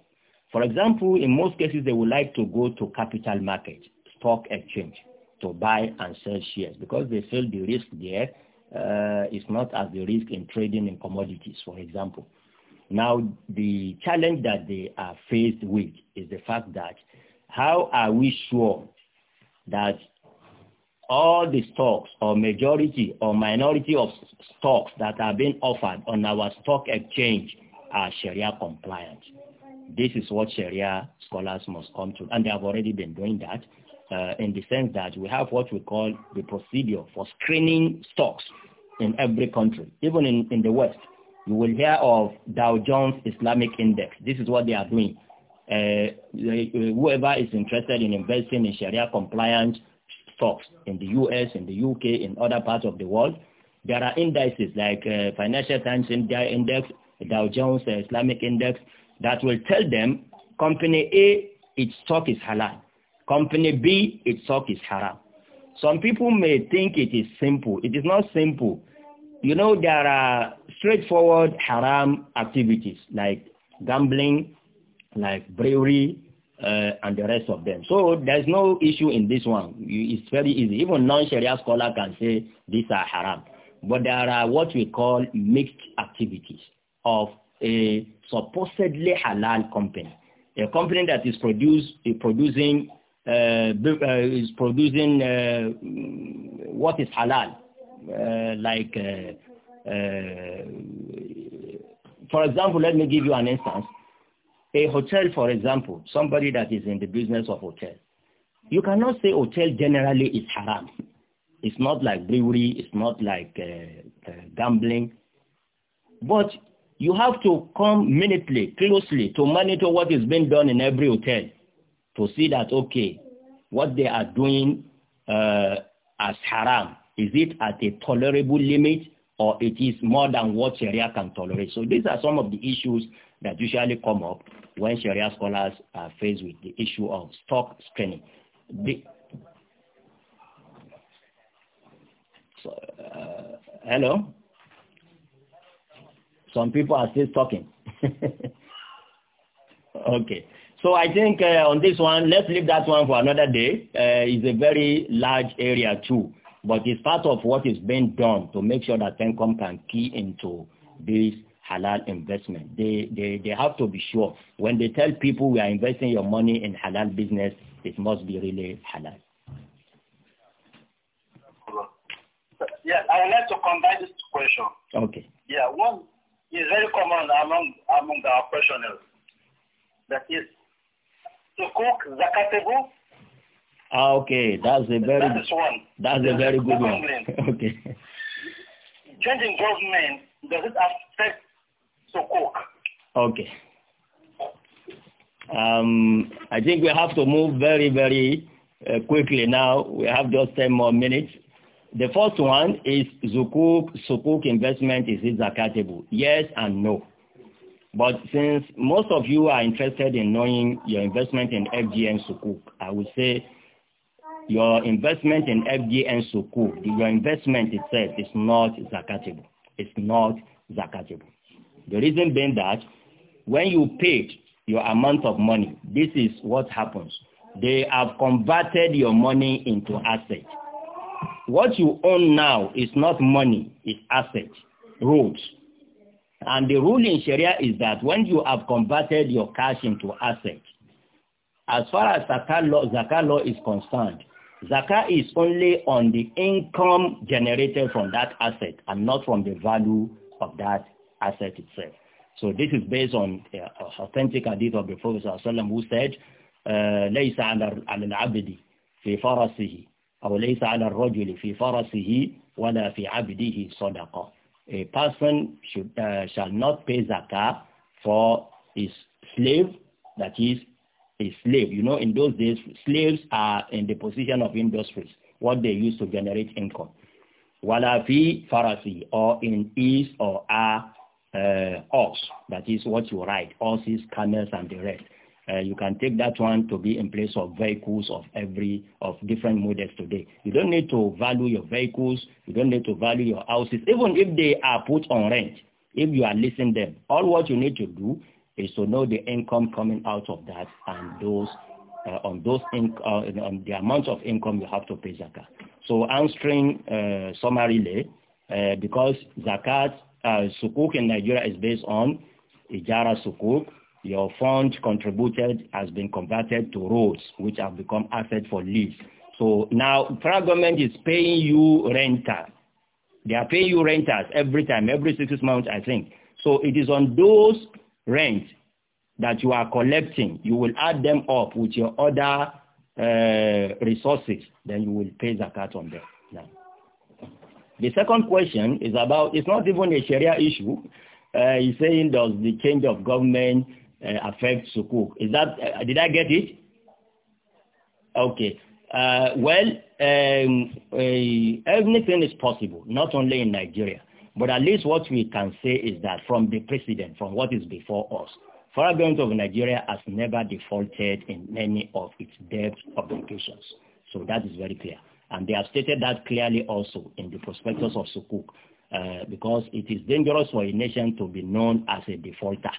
For example, in most cases, they would like to go to capital market stock exchange to buy and sell shares because they feel the risk there uh, is not as the risk in trading in commodities, for example. Now, the challenge that they are faced with is the fact that how are we sure that all the stocks or majority or minority of stocks that are being offered on our stock exchange are Sharia compliant? This is what Sharia scholars must come to, and they have already been doing that uh, in the sense that we have what we call the procedure for screening stocks in every country, even in, in the West. You will hear of Dow Jones Islamic Index. This is what they are doing. Uh, uh whoever is interested in investing in Sharia compliant stocks in the US, in the UK, in other parts of the world, there are indices like uh, Financial Times Index, Dow Jones Islamic Index, that will tell them company A, its stock is halal. Company B, its is haram. Some people may think it is simple. It is not simple. You know, there are straightforward haram activities like gambling, like brewery, uh, and the rest of them. So there's no issue in this one. It's very easy. Even non-Sharia scholar can say these are haram. But there are what we call mixed activities of a supposedly halal company. A company that is produce, producing uh, is producing uh, what is halal, uh, like for example, let me give you an instance. A hotel, for example, somebody that is in the business of hotel, you cannot say hotel generally is haram. It's not like brewery, it's not like uh, uh, gambling. But you have to come minutely, closely to monitor what is being done in every hotel to see that, okay, what they are doing uh, as haram, is it at a tolerable limit or it is more than what Sharia can tolerate? So these are some of the issues that usually come up when Sharia scholars are faced with the issue of stock screening. The, so, uh, hello? Some people are still talking. okay. So I think uh, on this one, let's leave that one for another day. Uh, it's a very large area too, but it's part of what is being done to make sure that Tencom can key into this halal investment. They, they, they have to be sure. When they tell people we are investing your money in halal business, it must be really halal. Yes, I would like to combine this question. Okay. Yeah, one is very common among among our professionals That is, to cook zakatabu. Ah, okay, that's a very that is one. That's a very good one. okay. Changing government does it affect to cook? Okay. Um, I think we have to move very, very uh, quickly now. We have just 10 more minutes. The first one is Zukuk, Sukuk investment, is it zakatable? Yes and no. But since most of you are interested in knowing your investment in FGN Sukuk, I would say your investment in FGN Sukuk, your investment itself is not zakatable. It's not zakatable. The reason being that when you paid your amount of money, this is what happens. They have converted your money into asset. What you own now is not money, it's asset, roads, And the rule in Sharia is that when you have converted your cash into asset, as far as Zakat law, Zakat law is concerned, Zakat is only on the income generated from that asset and not from the value of that asset itself. So this is based on uh, authentic hadith of the Prophet ﷺ who said, لَيْسَ عَلَى الْعَبْدِ فِي فَرَسِهِ أو ليس على الرجل في فرسه ولا في عبده صدقة a person should, uh, shall not pay zakah for his slave, that is a slave. You know, in those days, slaves are in the position of industries, what they use to generate income. Walafi farasi, or in is or are uh, uh ox, that is what you ride, horses, camels, and the rest. Uh, you can take that one to be in place of vehicles of every of different models today. You don't need to value your vehicles. You don't need to value your houses, even if they are put on rent. If you are leasing them, all what you need to do is to know the income coming out of that and those uh, on those in, uh, on the amount of income you have to pay zakat. So answering uh, summarily, uh, because zakat uh, sukuk in Nigeria is based on ijara sukuk, your fund contributed has been converted to roads, which have become assets for lease. So now federal government is paying you renter. They are paying you renters every time, every six months, I think. So it is on those rents that you are collecting. You will add them up with your other uh, resources, then you will pay zakat on them. Yeah. The second question is about, it's not even a Sharia issue. Uh, he's saying, does the change of government uh, affect sukuk. Is that, uh, did I get it? Okay. Uh, well, um, uh, everything is possible, not only in Nigeria. But at least what we can say is that from the precedent, from what is before us, Federal Government of Nigeria has never defaulted in many of its debt obligations. So that is very clear. And they have stated that clearly also in the prospectus of Sukuk, uh, because it is dangerous for a nation to be known as a defaulter.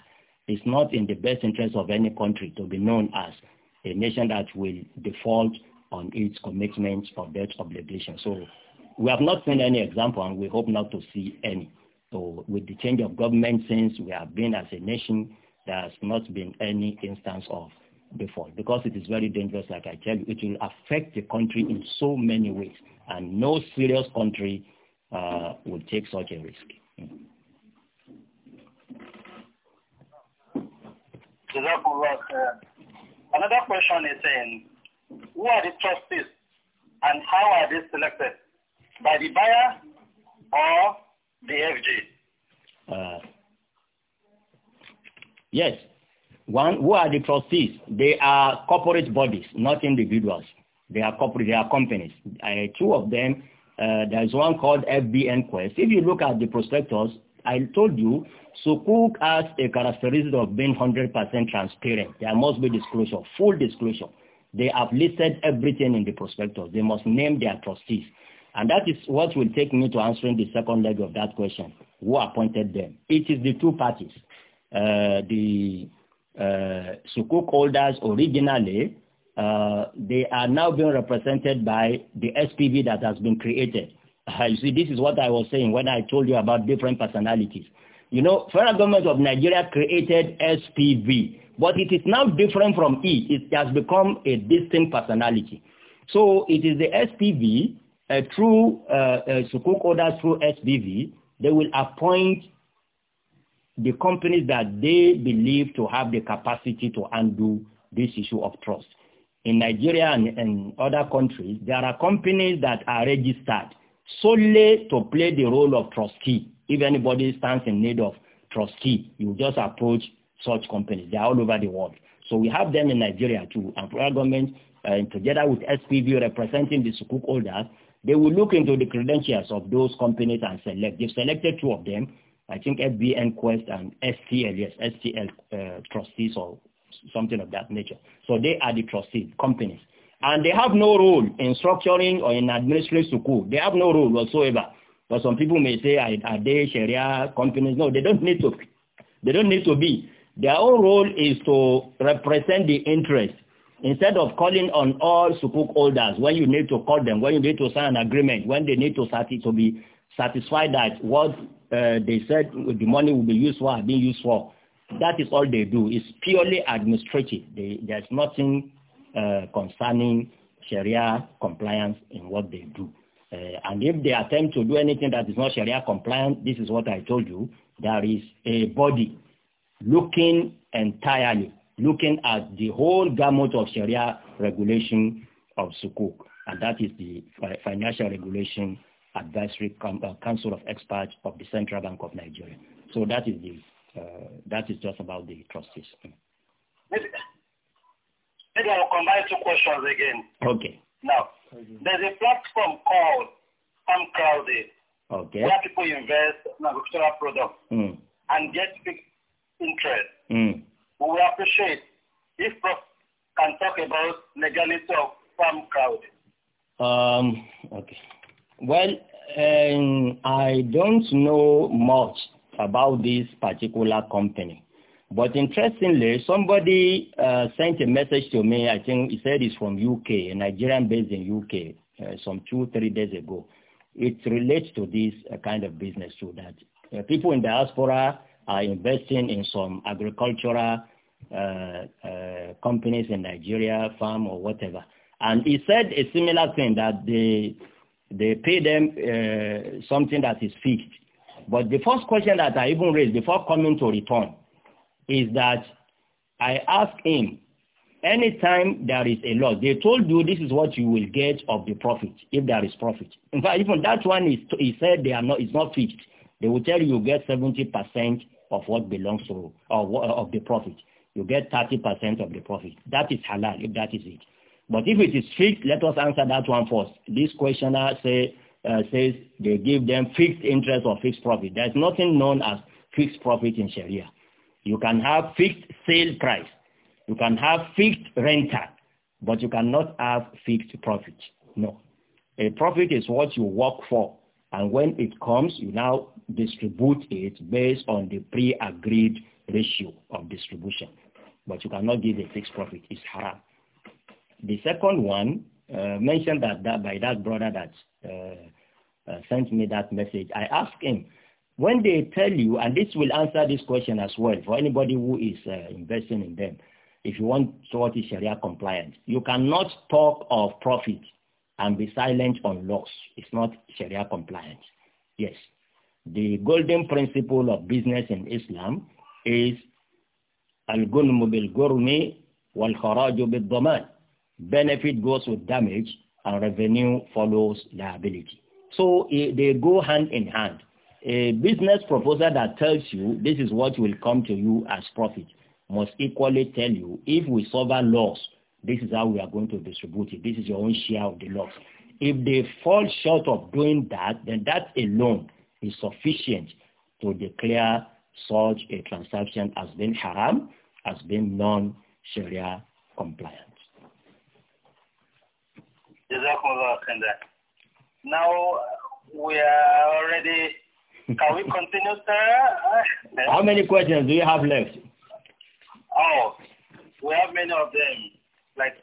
It's not in the best interest of any country to be known as a nation that will default on its commitments or debt obligation. So we have not seen any example and we hope not to see any. So with the change of government since we have been as a nation, there has not been any instance of default because it is very dangerous, like I tell you. It will affect the country in so many ways and no serious country uh, will take such a risk. Mm. Another question is saying, who are the trustees and how are they selected? By the buyer or the FG? Uh, yes. One, who are the trustees? They are corporate bodies, not individuals. They are corporate, they are companies. Uh, two of them, uh, there is one called FBN Quest. If you look at the prospectus, I told you, Sukuk has a characteristic of being 100% transparent. There must be disclosure, full disclosure. They have listed everything in the prospectus. They must name their trustees. And that is what will take me to answering the second leg of that question. Who appointed them? It is the two parties. Uh, the uh, Sukuk holders originally, uh, they are now being represented by the SPV that has been created. Uh, you see, this is what I was saying when I told you about different personalities. You know, federal government of Nigeria created SPV, but it is now different from it. It has become a distinct personality. So it is the SPV, uh, through uh, uh, Sukuk orders through SPV, they will appoint the companies that they believe to have the capacity to undo this issue of trust. In Nigeria and, and other countries, there are companies that are registered solely to play the role of trustee. If anybody stands in need of trustee, you just approach such companies. They are all over the world. So we have them in Nigeria too. And federal government, uh, together with SPV representing the sukuk holders, they will look into the credentials of those companies and select. They've selected two of them, I think FBN Quest and STL, yes, STL uh, trustees or something of that nature. So they are the trustee companies. And they have no role in structuring or in administering sukuk. They have no role whatsoever. But some people may say, are they Sharia companies? No, they don't need to. They don't need to be. Their own role is to represent the interest. Instead of calling on all sukuk holders, when you need to call them, when you need to sign an agreement, when they need to, to be satisfied that what uh, they said the money will be used for, been used for. That is all they do. It's purely administrative. They, there's nothing uh, concerning Sharia compliance in what they do. Uh, and if they attempt to do anything that is not Sharia compliant, this is what I told you, there is a body looking entirely, looking at the whole gamut of Sharia regulation of Sukuk, and that is the Financial Regulation Advisory uh, Council of Experts of the Central Bank of Nigeria. So that is the uh, that is just about the trustees. Maybe I will combine two questions again. Okay. Now, there's a platform called Uncrowded. Okay. Where people invest in agricultural products mm. and get big interest. Mm. We will appreciate if Prof can talk about legality of farm crowd. Um, okay. Well, um, I don't know much about this particular company. But interestingly, somebody uh, sent a message to me. I think he said it's from UK, a Nigerian based in UK, uh, some two, three days ago. It relates to this uh, kind of business too, that uh, people in diaspora are investing in some agricultural uh, uh, companies in Nigeria, farm or whatever. And he said a similar thing, that they, they pay them something that is fixed. But the first question that I even raised before coming to return is that I ask him, anytime there is a loss, they told you this is what you will get of the profit, if there is profit. In fact, even that one is, he said they are not, it's not fixed. They will tell you you get 70% of what belongs to, of, of the profit. You get 30% of the profit. That is halal, if that is it. But if it is fixed, let us answer that one first. This questioner say, uh, says they give them fixed interest or fixed profit. There's nothing known as fixed profit in Sharia. You can have fixed sale price. You can have fixed rental, but you cannot have fixed profit. No. A profit is what you work for. And when it comes, you now distribute it based on the pre-agreed ratio of distribution. But you cannot give a fixed profit. It's haram. The second one uh, mentioned that, that by that brother that uh, uh, sent me that message. I asked him, when they tell you, and this will answer this question as well for anybody who is uh, investing in them, if you want to what is Sharia compliant, you cannot talk of profit and be silent on loss. It's not Sharia compliant. Yes. The golden principle of business in Islam is al-gunmu bil-gurmi wal-kharaju bil-daman. Benefit goes with damage and revenue follows liability. So eh, they go hand in hand a business proposal that tells you this is what will come to you as profit must equally tell you if we suffer loss, this is how we are going to distribute it. This is your own share of the loss. If they fall short of doing that, then that alone is sufficient to declare such a transaction as being haram, as being non-Sharia compliant. Now, we are already can we continue, sir? How many questions do you have left? Oh, we have many of them, like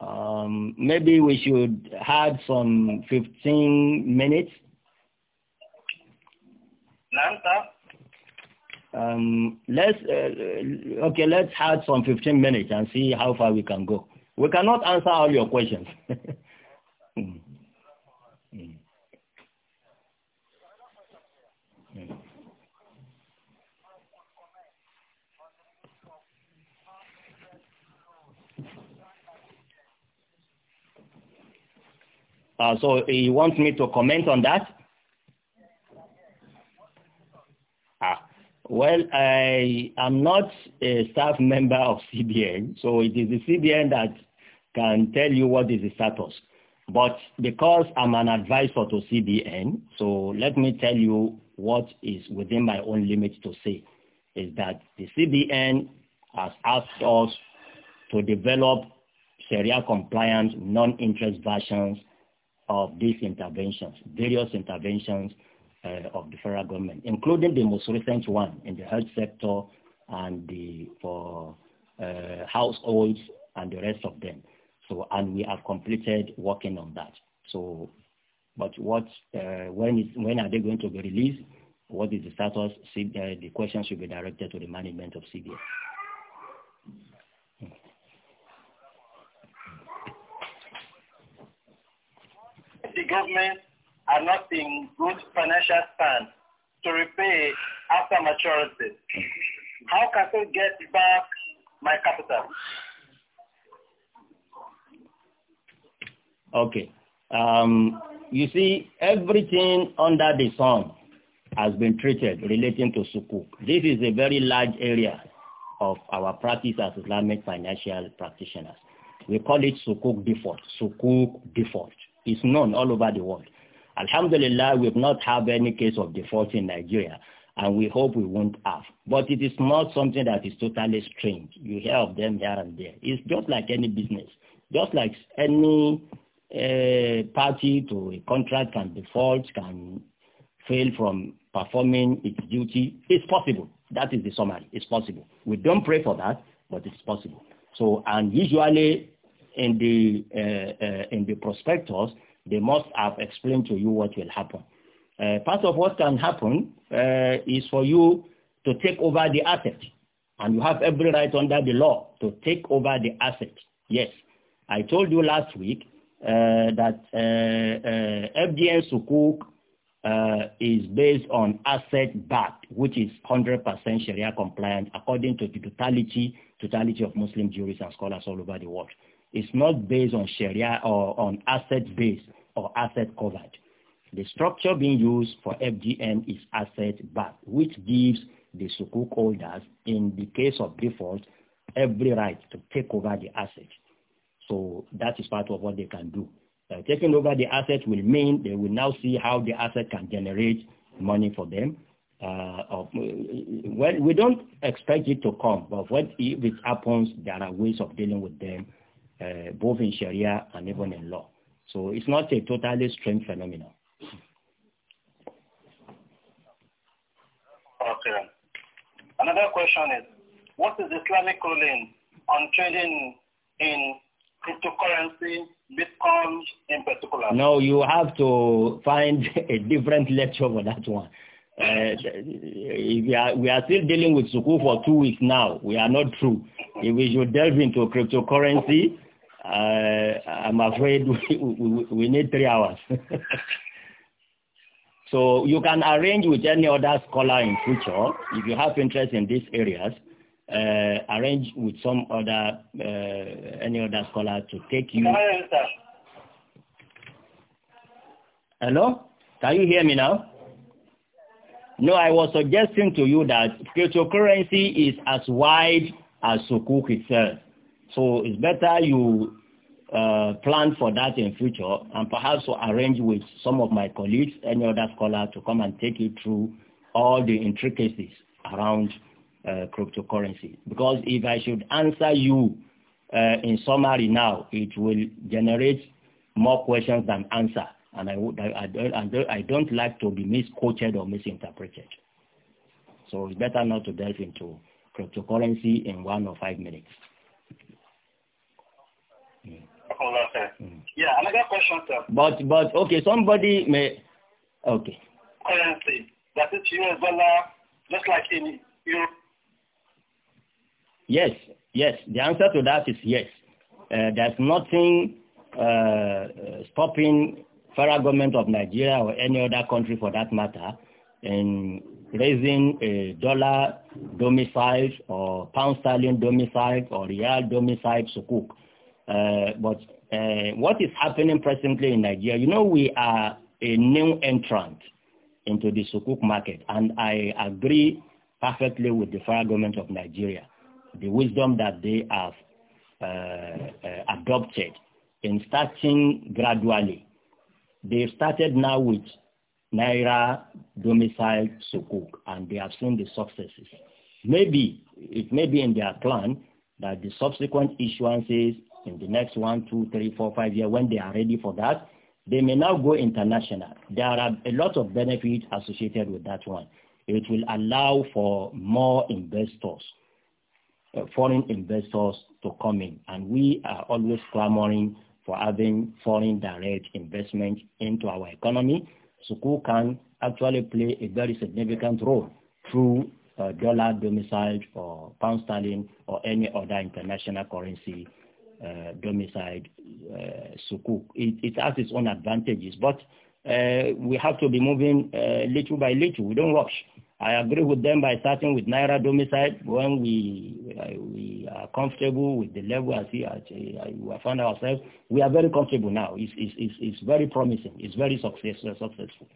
10. Um, maybe we should have some 15 minutes. Nanta? Um, let's, uh, okay, let's have some 15 minutes and see how far we can go. We cannot answer all your questions. Hmm. Uh, so he wants me to comment on that. Ah, well, I am not a staff member of CBN, so it is the CBN that can tell you what is the status. But because I'm an advisor to CBN, so let me tell you what is within my own limits to say is that the CBN has asked us to develop Sharia compliant non-interest versions of these interventions, various interventions uh, of the federal government, including the most recent one in the health sector and the for uh, households and the rest of them. So, and we have completed working on that. So, but what, uh, when is, when are they going to be released? What is the status? Uh, the question should be directed to the management of CBS. the government are not in good financial stand to repay after maturity. How can I get back my capital? Okay. Um, you see, everything under the sun has been treated relating to sukuk. This is a very large area of our practice as Islamic financial practitioners. We call it sukuk default, sukuk default is known all over the world. Alhamdulillah, we've not had any case of default in Nigeria, and we hope we won't have. But it is not something that is totally strange. You hear of them here and there. It's just like any business, just like any uh, party to a contract can default, can fail from performing its duty. It's possible. That is the summary. It's possible. We don't pray for that, but it's possible. So, and usually in the uh, uh, in the prospectus, they must have explained to you what will happen. Uh, part of what can happen uh, is for you to take over the asset, and you have every right under the law to take over the asset. Yes, I told you last week that FDN Sukuk uh, is based on asset backed, which is 100% Sharia compliant, according to the totality, totality of Muslim jurists and scholars all over the world is not based on Sharia or on asset base or asset covered. The structure being used for FGM is asset backed, which gives the sukuk holders, in the case of default, every right to take over the asset. So that is part of what they can do. Uh, taking over the asset will mean they will now see how the asset can generate money for them. Uh, of, uh, well, we don't expect it to come, but when, if it happens, there are ways of dealing with them uh, both in Sharia and even in law. So it's not a totally strange phenomenon. Okay. Another question is, what is Islamic ruling on trading in cryptocurrency, Bitcoin in particular? No, you have to find a different lecture for that one. Uh, we, are, we are still dealing with Sukuk for two weeks now. We are not through. If we should delve into cryptocurrency, uh, I, am afraid we, we, we need three hours. so you can arrange with any other scholar in future if you have interest in these areas. Uh, arrange with some other uh, any other scholar to take you. Hello, can you hear me now? No, I was suggesting to you that cryptocurrency is as wide as Sukuk itself. So it's better you uh, plan for that in future and perhaps arrange with some of my colleagues, any other scholar to come and take you through all the intricacies around uh, cryptocurrency. Because if I should answer you uh, in summary now, it will generate more questions than answer. And I, would, I, I, don't, I don't like to be misquoted or misinterpreted. So it's better not to delve into cryptocurrency in one or five minutes. Hmm. Yeah, another question, sir. But, but, okay, somebody may, okay. Currency, that is US dollar, just like in Europe. Yes, yes. The answer to that is yes. Uh, there's nothing uh, stopping federal government of Nigeria or any other country for that matter in raising a dollar domicile or pound sterling domicile or real domicile sukuk uh, but uh, what is happening presently in Nigeria, you know, we are a new entrant into the sukuk market, and I agree perfectly with the federal government of Nigeria, the wisdom that they have uh, adopted in starting gradually. They started now with Naira domicile Sukuk, and they have seen the successes. Maybe it may be in their plan that the subsequent issuances in the next one, two, three, four, five years, when they are ready for that, they may now go international. There are a lot of benefits associated with that one. It will allow for more investors, uh, foreign investors to come in. And we are always clamoring for having foreign direct investment into our economy. Sukuk can actually play a very significant role through uh, dollar domiciled or pound sterling or any other international currency uh, domicile uh, sukuk. It, it, has its own advantages, but uh, we have to be moving uh, little by little. We don't rush. I agree with them by starting with Naira domicile when we uh, we are comfortable with the level as we are found ourselves. We are very comfortable now. It's, it's, it's very promising. It's very successful. Uh, successful.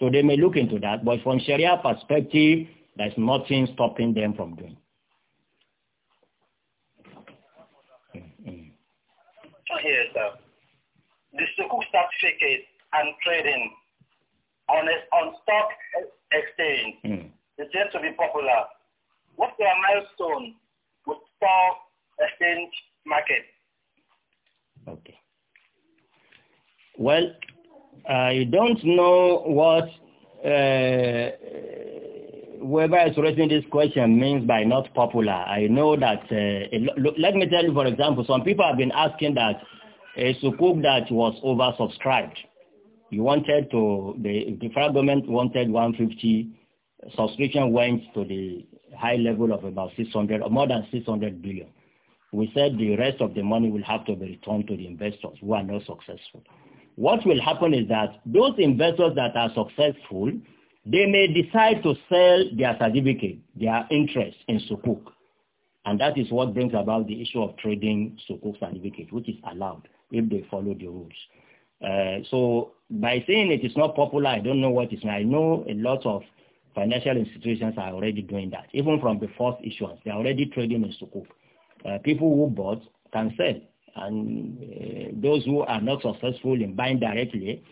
So they may look into that, but from Sharia perspective, there's nothing stopping them from doing. here, sir. The Sukuk certificate and trading on a, on stock exchange mm. is yet to be popular. What's the milestone with stock exchange market? Okay. Well, I uh, don't know what uh, whoever is raising this question means by not popular. I know that, uh, let me tell you, for example, some people have been asking that a sukuk that was oversubscribed. You wanted to, the, the government wanted 150, subscription went to the high level of about 600, or more than 600 billion. We said the rest of the money will have to be returned to the investors who are not successful. What will happen is that those investors that are successful they may decide to sell their certificate, their interest in Sukuk. And that is what brings about the issue of trading Sukuk certificate, which is allowed if they follow the rules. Uh, so by saying it is not popular, I don't know what is. I know a lot of financial institutions are already doing that. Even from the first issuance, they are already trading in Sukuk. Uh, people who bought can sell. And uh, those who are not successful in buying directly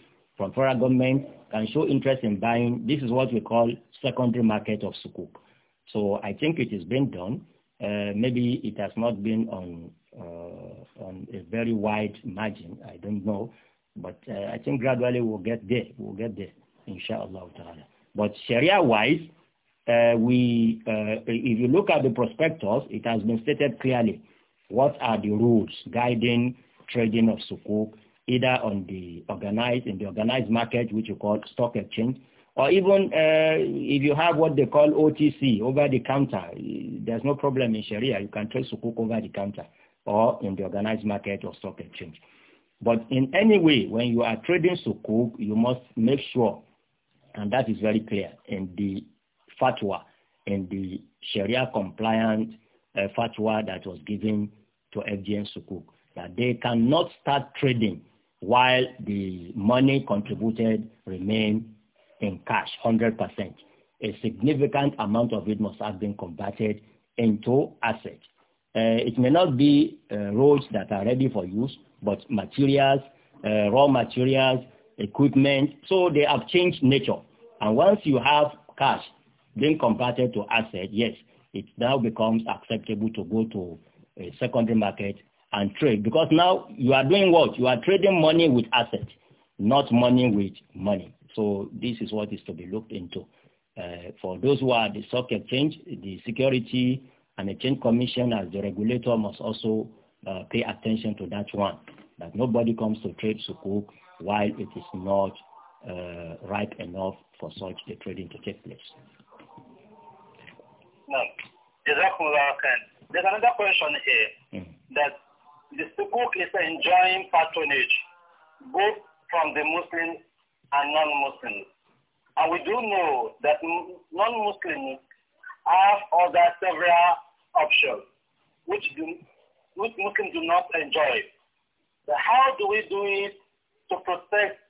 from federal government can show interest in buying. This is what we call secondary market of sukuk. So I think it is being done. Uh, maybe it has not been on uh, on a very wide margin. I don't know, but uh, I think gradually we'll get there. We'll get there, inshallah ta'ala. But Sharia-wise, uh, we uh, if you look at the prospectus, it has been stated clearly what are the rules guiding trading of sukuk either on the organized, in the organized market, which you call stock exchange, or even uh, if you have what they call OTC, over the counter, there's no problem in Sharia. You can trade sukuk over the counter or in the organized market or stock exchange. But in any way, when you are trading sukuk, you must make sure, and that is very clear in the fatwa, in the Sharia compliant uh, fatwa that was given to FGN Sukuk, that they cannot start trading while the money contributed remained in cash, 100%. A significant amount of it must have been converted into asset. Uh, it may not be uh, roads that are ready for use, but materials, uh, raw materials, equipment. So they have changed nature. And once you have cash being converted to asset, yes, it now becomes acceptable to go to a secondary market and trade because now you are doing what? You are trading money with asset, not money with money. So this is what is to be looked into. Uh, for those who are the stock exchange, the Security and Exchange Commission as the regulator must also uh, pay attention to that one, that nobody comes to trade sukuk while it is not uh, ripe enough for such a trading to take place. No. There's another question here mm. that the sukuk is enjoying patronage, both from the Muslims and non-Muslims. And we do know that non-Muslims have other several options which, do, which Muslims do not enjoy. So how do we do it to protect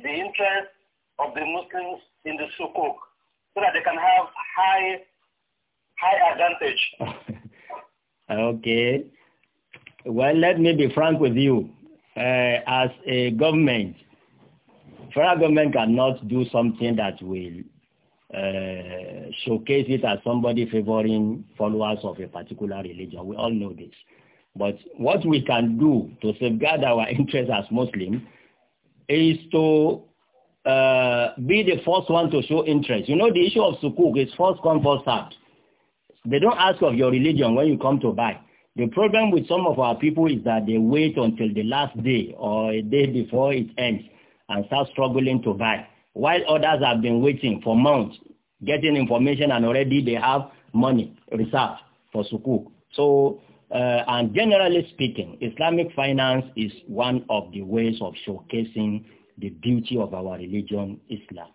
the interests of the Muslims in the sukuk so that they can have high, high advantage? okay. Well, let me be frank with you. Uh, as a government, federal government cannot do something that will uh, showcase it as somebody favoring followers of a particular religion. We all know this. But what we can do to safeguard our interests as Muslims is to uh, be the first one to show interest. You know, the issue of sukuk is first come, first served. They don't ask of your religion when you come to buy. The problem with some of our people is that they wait until the last day or a day before it ends and start struggling to buy, while others have been waiting for months, getting information and already they have money reserved for sukuk. So, uh, and generally speaking, Islamic finance is one of the ways of showcasing the beauty of our religion, Islam.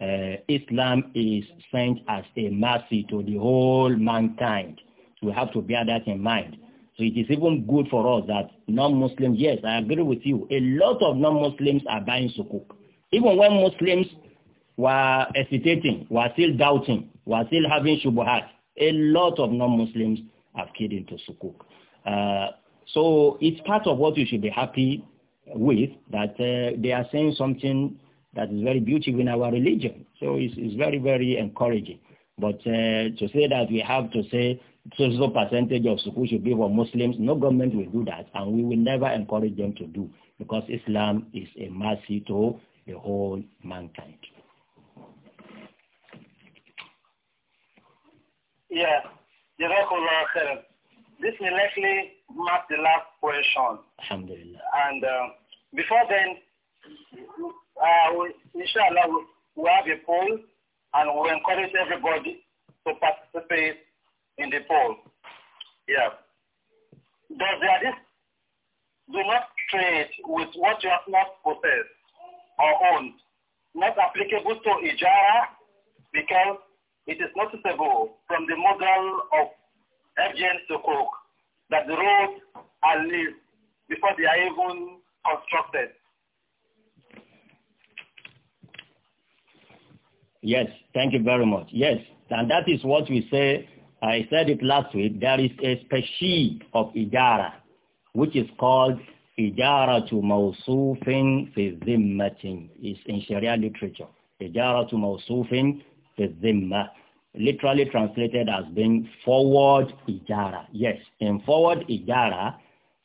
Uh, Islam is sent as a mercy to the whole mankind we have to bear that in mind. So it is even good for us that non-Muslims, yes, I agree with you. A lot of non-Muslims are buying sukuk. Even when Muslims were hesitating, were still doubting, were still having shubuhat, a lot of non-Muslims have keyed into sukuk. Uh, so it's part of what you should be happy with, that uh, they are saying something that is very beautiful in our religion. So it's, it's very, very encouraging. But uh, to say that we have to say so so percentage of who should be for Muslims. No government will do that, and we will never encourage them to do because Islam is a mercy to the whole mankind. Yeah, This will likely mark the last question. Alhamdulillah. And uh, before then, uh, we inshallah, we have a poll and we encourage everybody to participate in the poll. Yeah. Does the do not trade with what you have not possessed or owned, not applicable to Ijara because it is noticeable from the model of to Sokok that the roads are laid before they are even constructed. Yes, thank you very much. Yes, and that is what we say I said it last week, there is a species of ijara, which is called ijara to mausufin fi zimmatin. It's in Sharia literature. Ijara to mausufin fi zimma. Literally translated as being forward ijara. Yes, in forward ijara,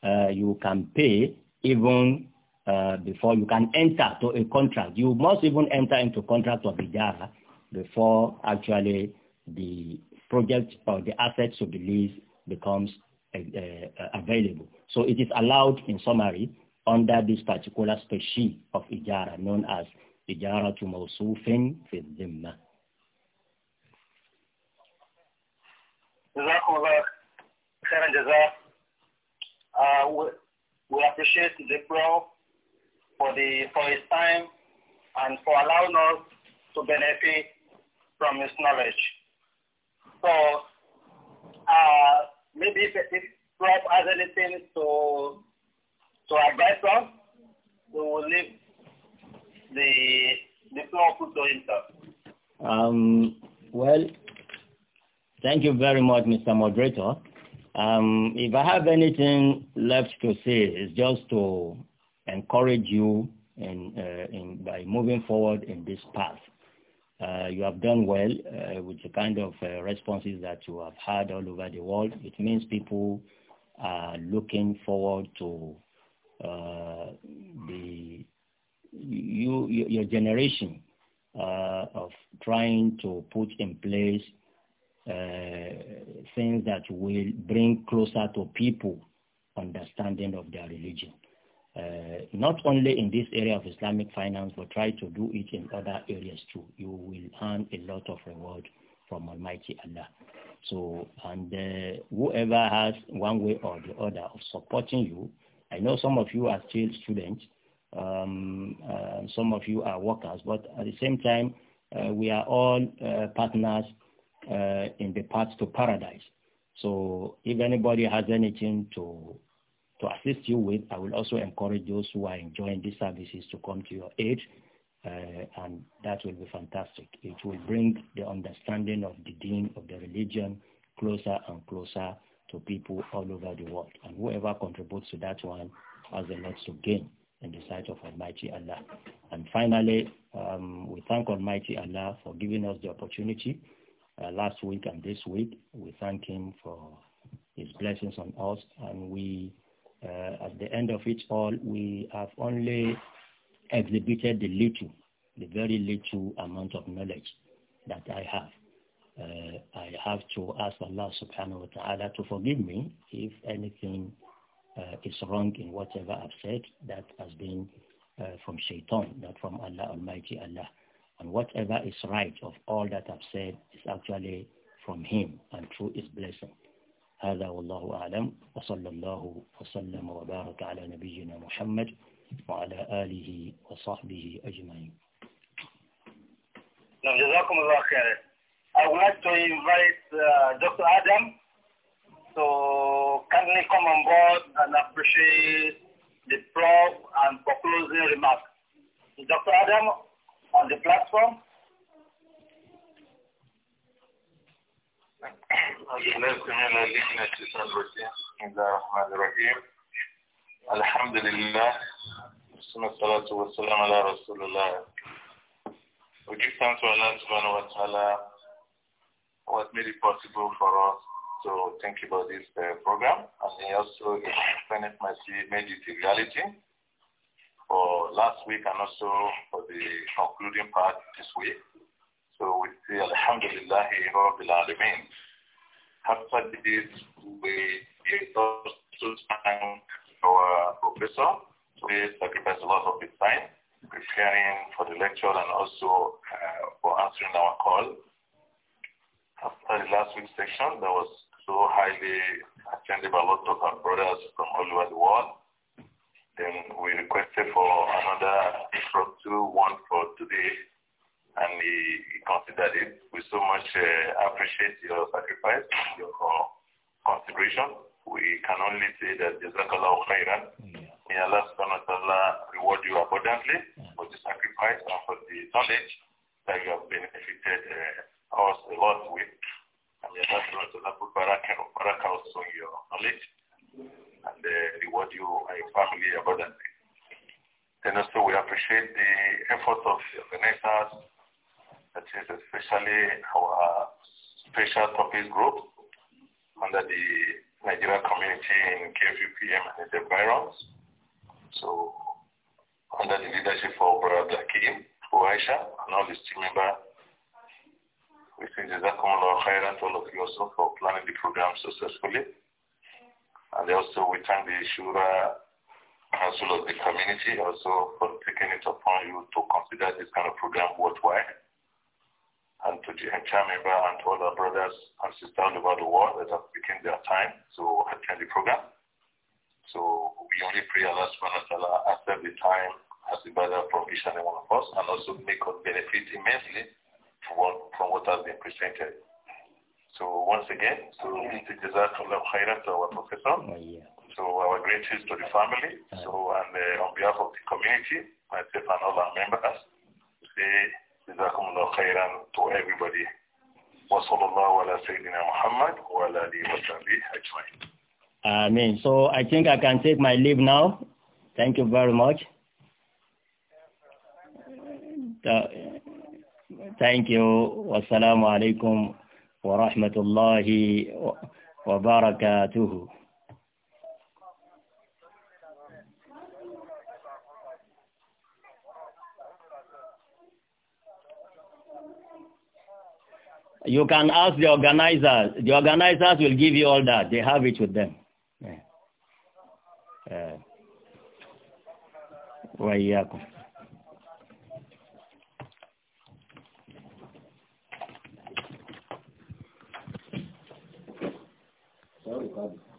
uh, you can pay even uh, before you can enter to a contract. You must even enter into contract of ijara before actually the project or uh, the assets to be leased becomes uh, uh, available. So it is allowed in summary under this particular species of ijara known as ijara to mawsufin fi dhimma. Uh, we, we appreciate the pro for the for his time and for allowing us to benefit from his knowledge. So uh, maybe if, if Rob has anything to to advise us, we will leave the the floor to himself. Um, well, thank you very much, Mr. Moderator. Um, if I have anything left to say, it's just to encourage you in, uh, in by moving forward in this path. Uh, you have done well uh, with the kind of uh, responses that you have had all over the world. It means people are looking forward to uh, the you, your generation uh, of trying to put in place uh, things that will bring closer to people understanding of their religion uh, not only in this area of Islamic finance, but try to do it in other areas too. You will earn a lot of reward from Almighty Allah. So, and uh, whoever has one way or the other of supporting you, I know some of you are still students, um, uh, some of you are workers, but at the same time, uh, we are all uh, partners uh, in the path to paradise. So if anybody has anything to to assist you with. I will also encourage those who are enjoying these services to come to your aid, uh, and that will be fantastic. It will bring the understanding of the deen, of the religion, closer and closer to people all over the world. And whoever contributes to that one has a lot to gain in the sight of Almighty Allah. And finally, um, we thank Almighty Allah for giving us the opportunity uh, last week and this week. We thank him for his blessings on us and we uh, at the end of it all, we have only exhibited the little, the very little amount of knowledge that I have. Uh, I have to ask Allah subhanahu wa ta'ala to forgive me if anything uh, is wrong in whatever I've said that has been uh, from shaitan, not from Allah Almighty Allah. And whatever is right of all that I've said is actually from him and through his blessing. هذا والله أعلم وصلى الله وسلم وبارك على نبينا محمد وعلى آله وصحبه أجمعين جزاكم الله خير I would like to invite uh, Dr. Adam to kindly come on board and appreciate the probe and for closing remarks. Dr. Adam on the platform. لكم الحمد لله ثم والسلام على رسول الله We give thanks to Allah subhanahu wa ta'ala what made it possible for us to think about this uh, program and he also extended mercy made it a reality for last week and also for the concluding part this week. So we say Alhamdulillah Rabbil Alameen. After this, we also time our professor. We sacrifice a lot of his time preparing for the lecture and also uh, for answering our call. After the last week's session, that was so highly attended by a lot of our brothers from all over the world. Then we requested for another two, one for today and he, he considered it. We so much uh, appreciate your sacrifice, your uh, consideration. We can only say that Jazakallah khairan. May Allah subhanahu wa ta'ala reward you abundantly for the sacrifice and for the knowledge that you have benefited uh, us a lot with. And may Allah subhanahu wa ta'ala put barakah also in your knowledge and uh, reward you and your family abundantly. And also we appreciate the effort of the NSAS that is especially our uh, special purpose group under the Nigerian community in KVPM and its environs. So under the leadership of Brother Blakim, Aisha, and all his team members, we say Jazakumullah khairan to all of you also for planning the program successfully. And also we thank the Shura Council of the community also for taking it upon you to consider this kind of program worthwhile and to the entire member and to all our brothers and sisters all over the world that have taken their time to attend the program. So we only pray Allah subhanahu wa ta'ala accept the time as ibadah from each and one of us and also make us benefit immensely from what, from what has been presented. So once again, so we take Jazakallah khairan to our professor. So oh, our greetings to the family. So and uh, on behalf of the community, myself and all our members, say جزاكم الله خيرا to everybody وصلى الله على سيدنا محمد وعلى آله وصحبه أجمعين Amen. So I think I can take my leave now. Thank you very much. Uh, thank you. Wassalamu alaikum wa rahmatullahi wa barakatuhu. You can ask the organizers. The organizers will give you all that. They have it with them. Yeah. Uh,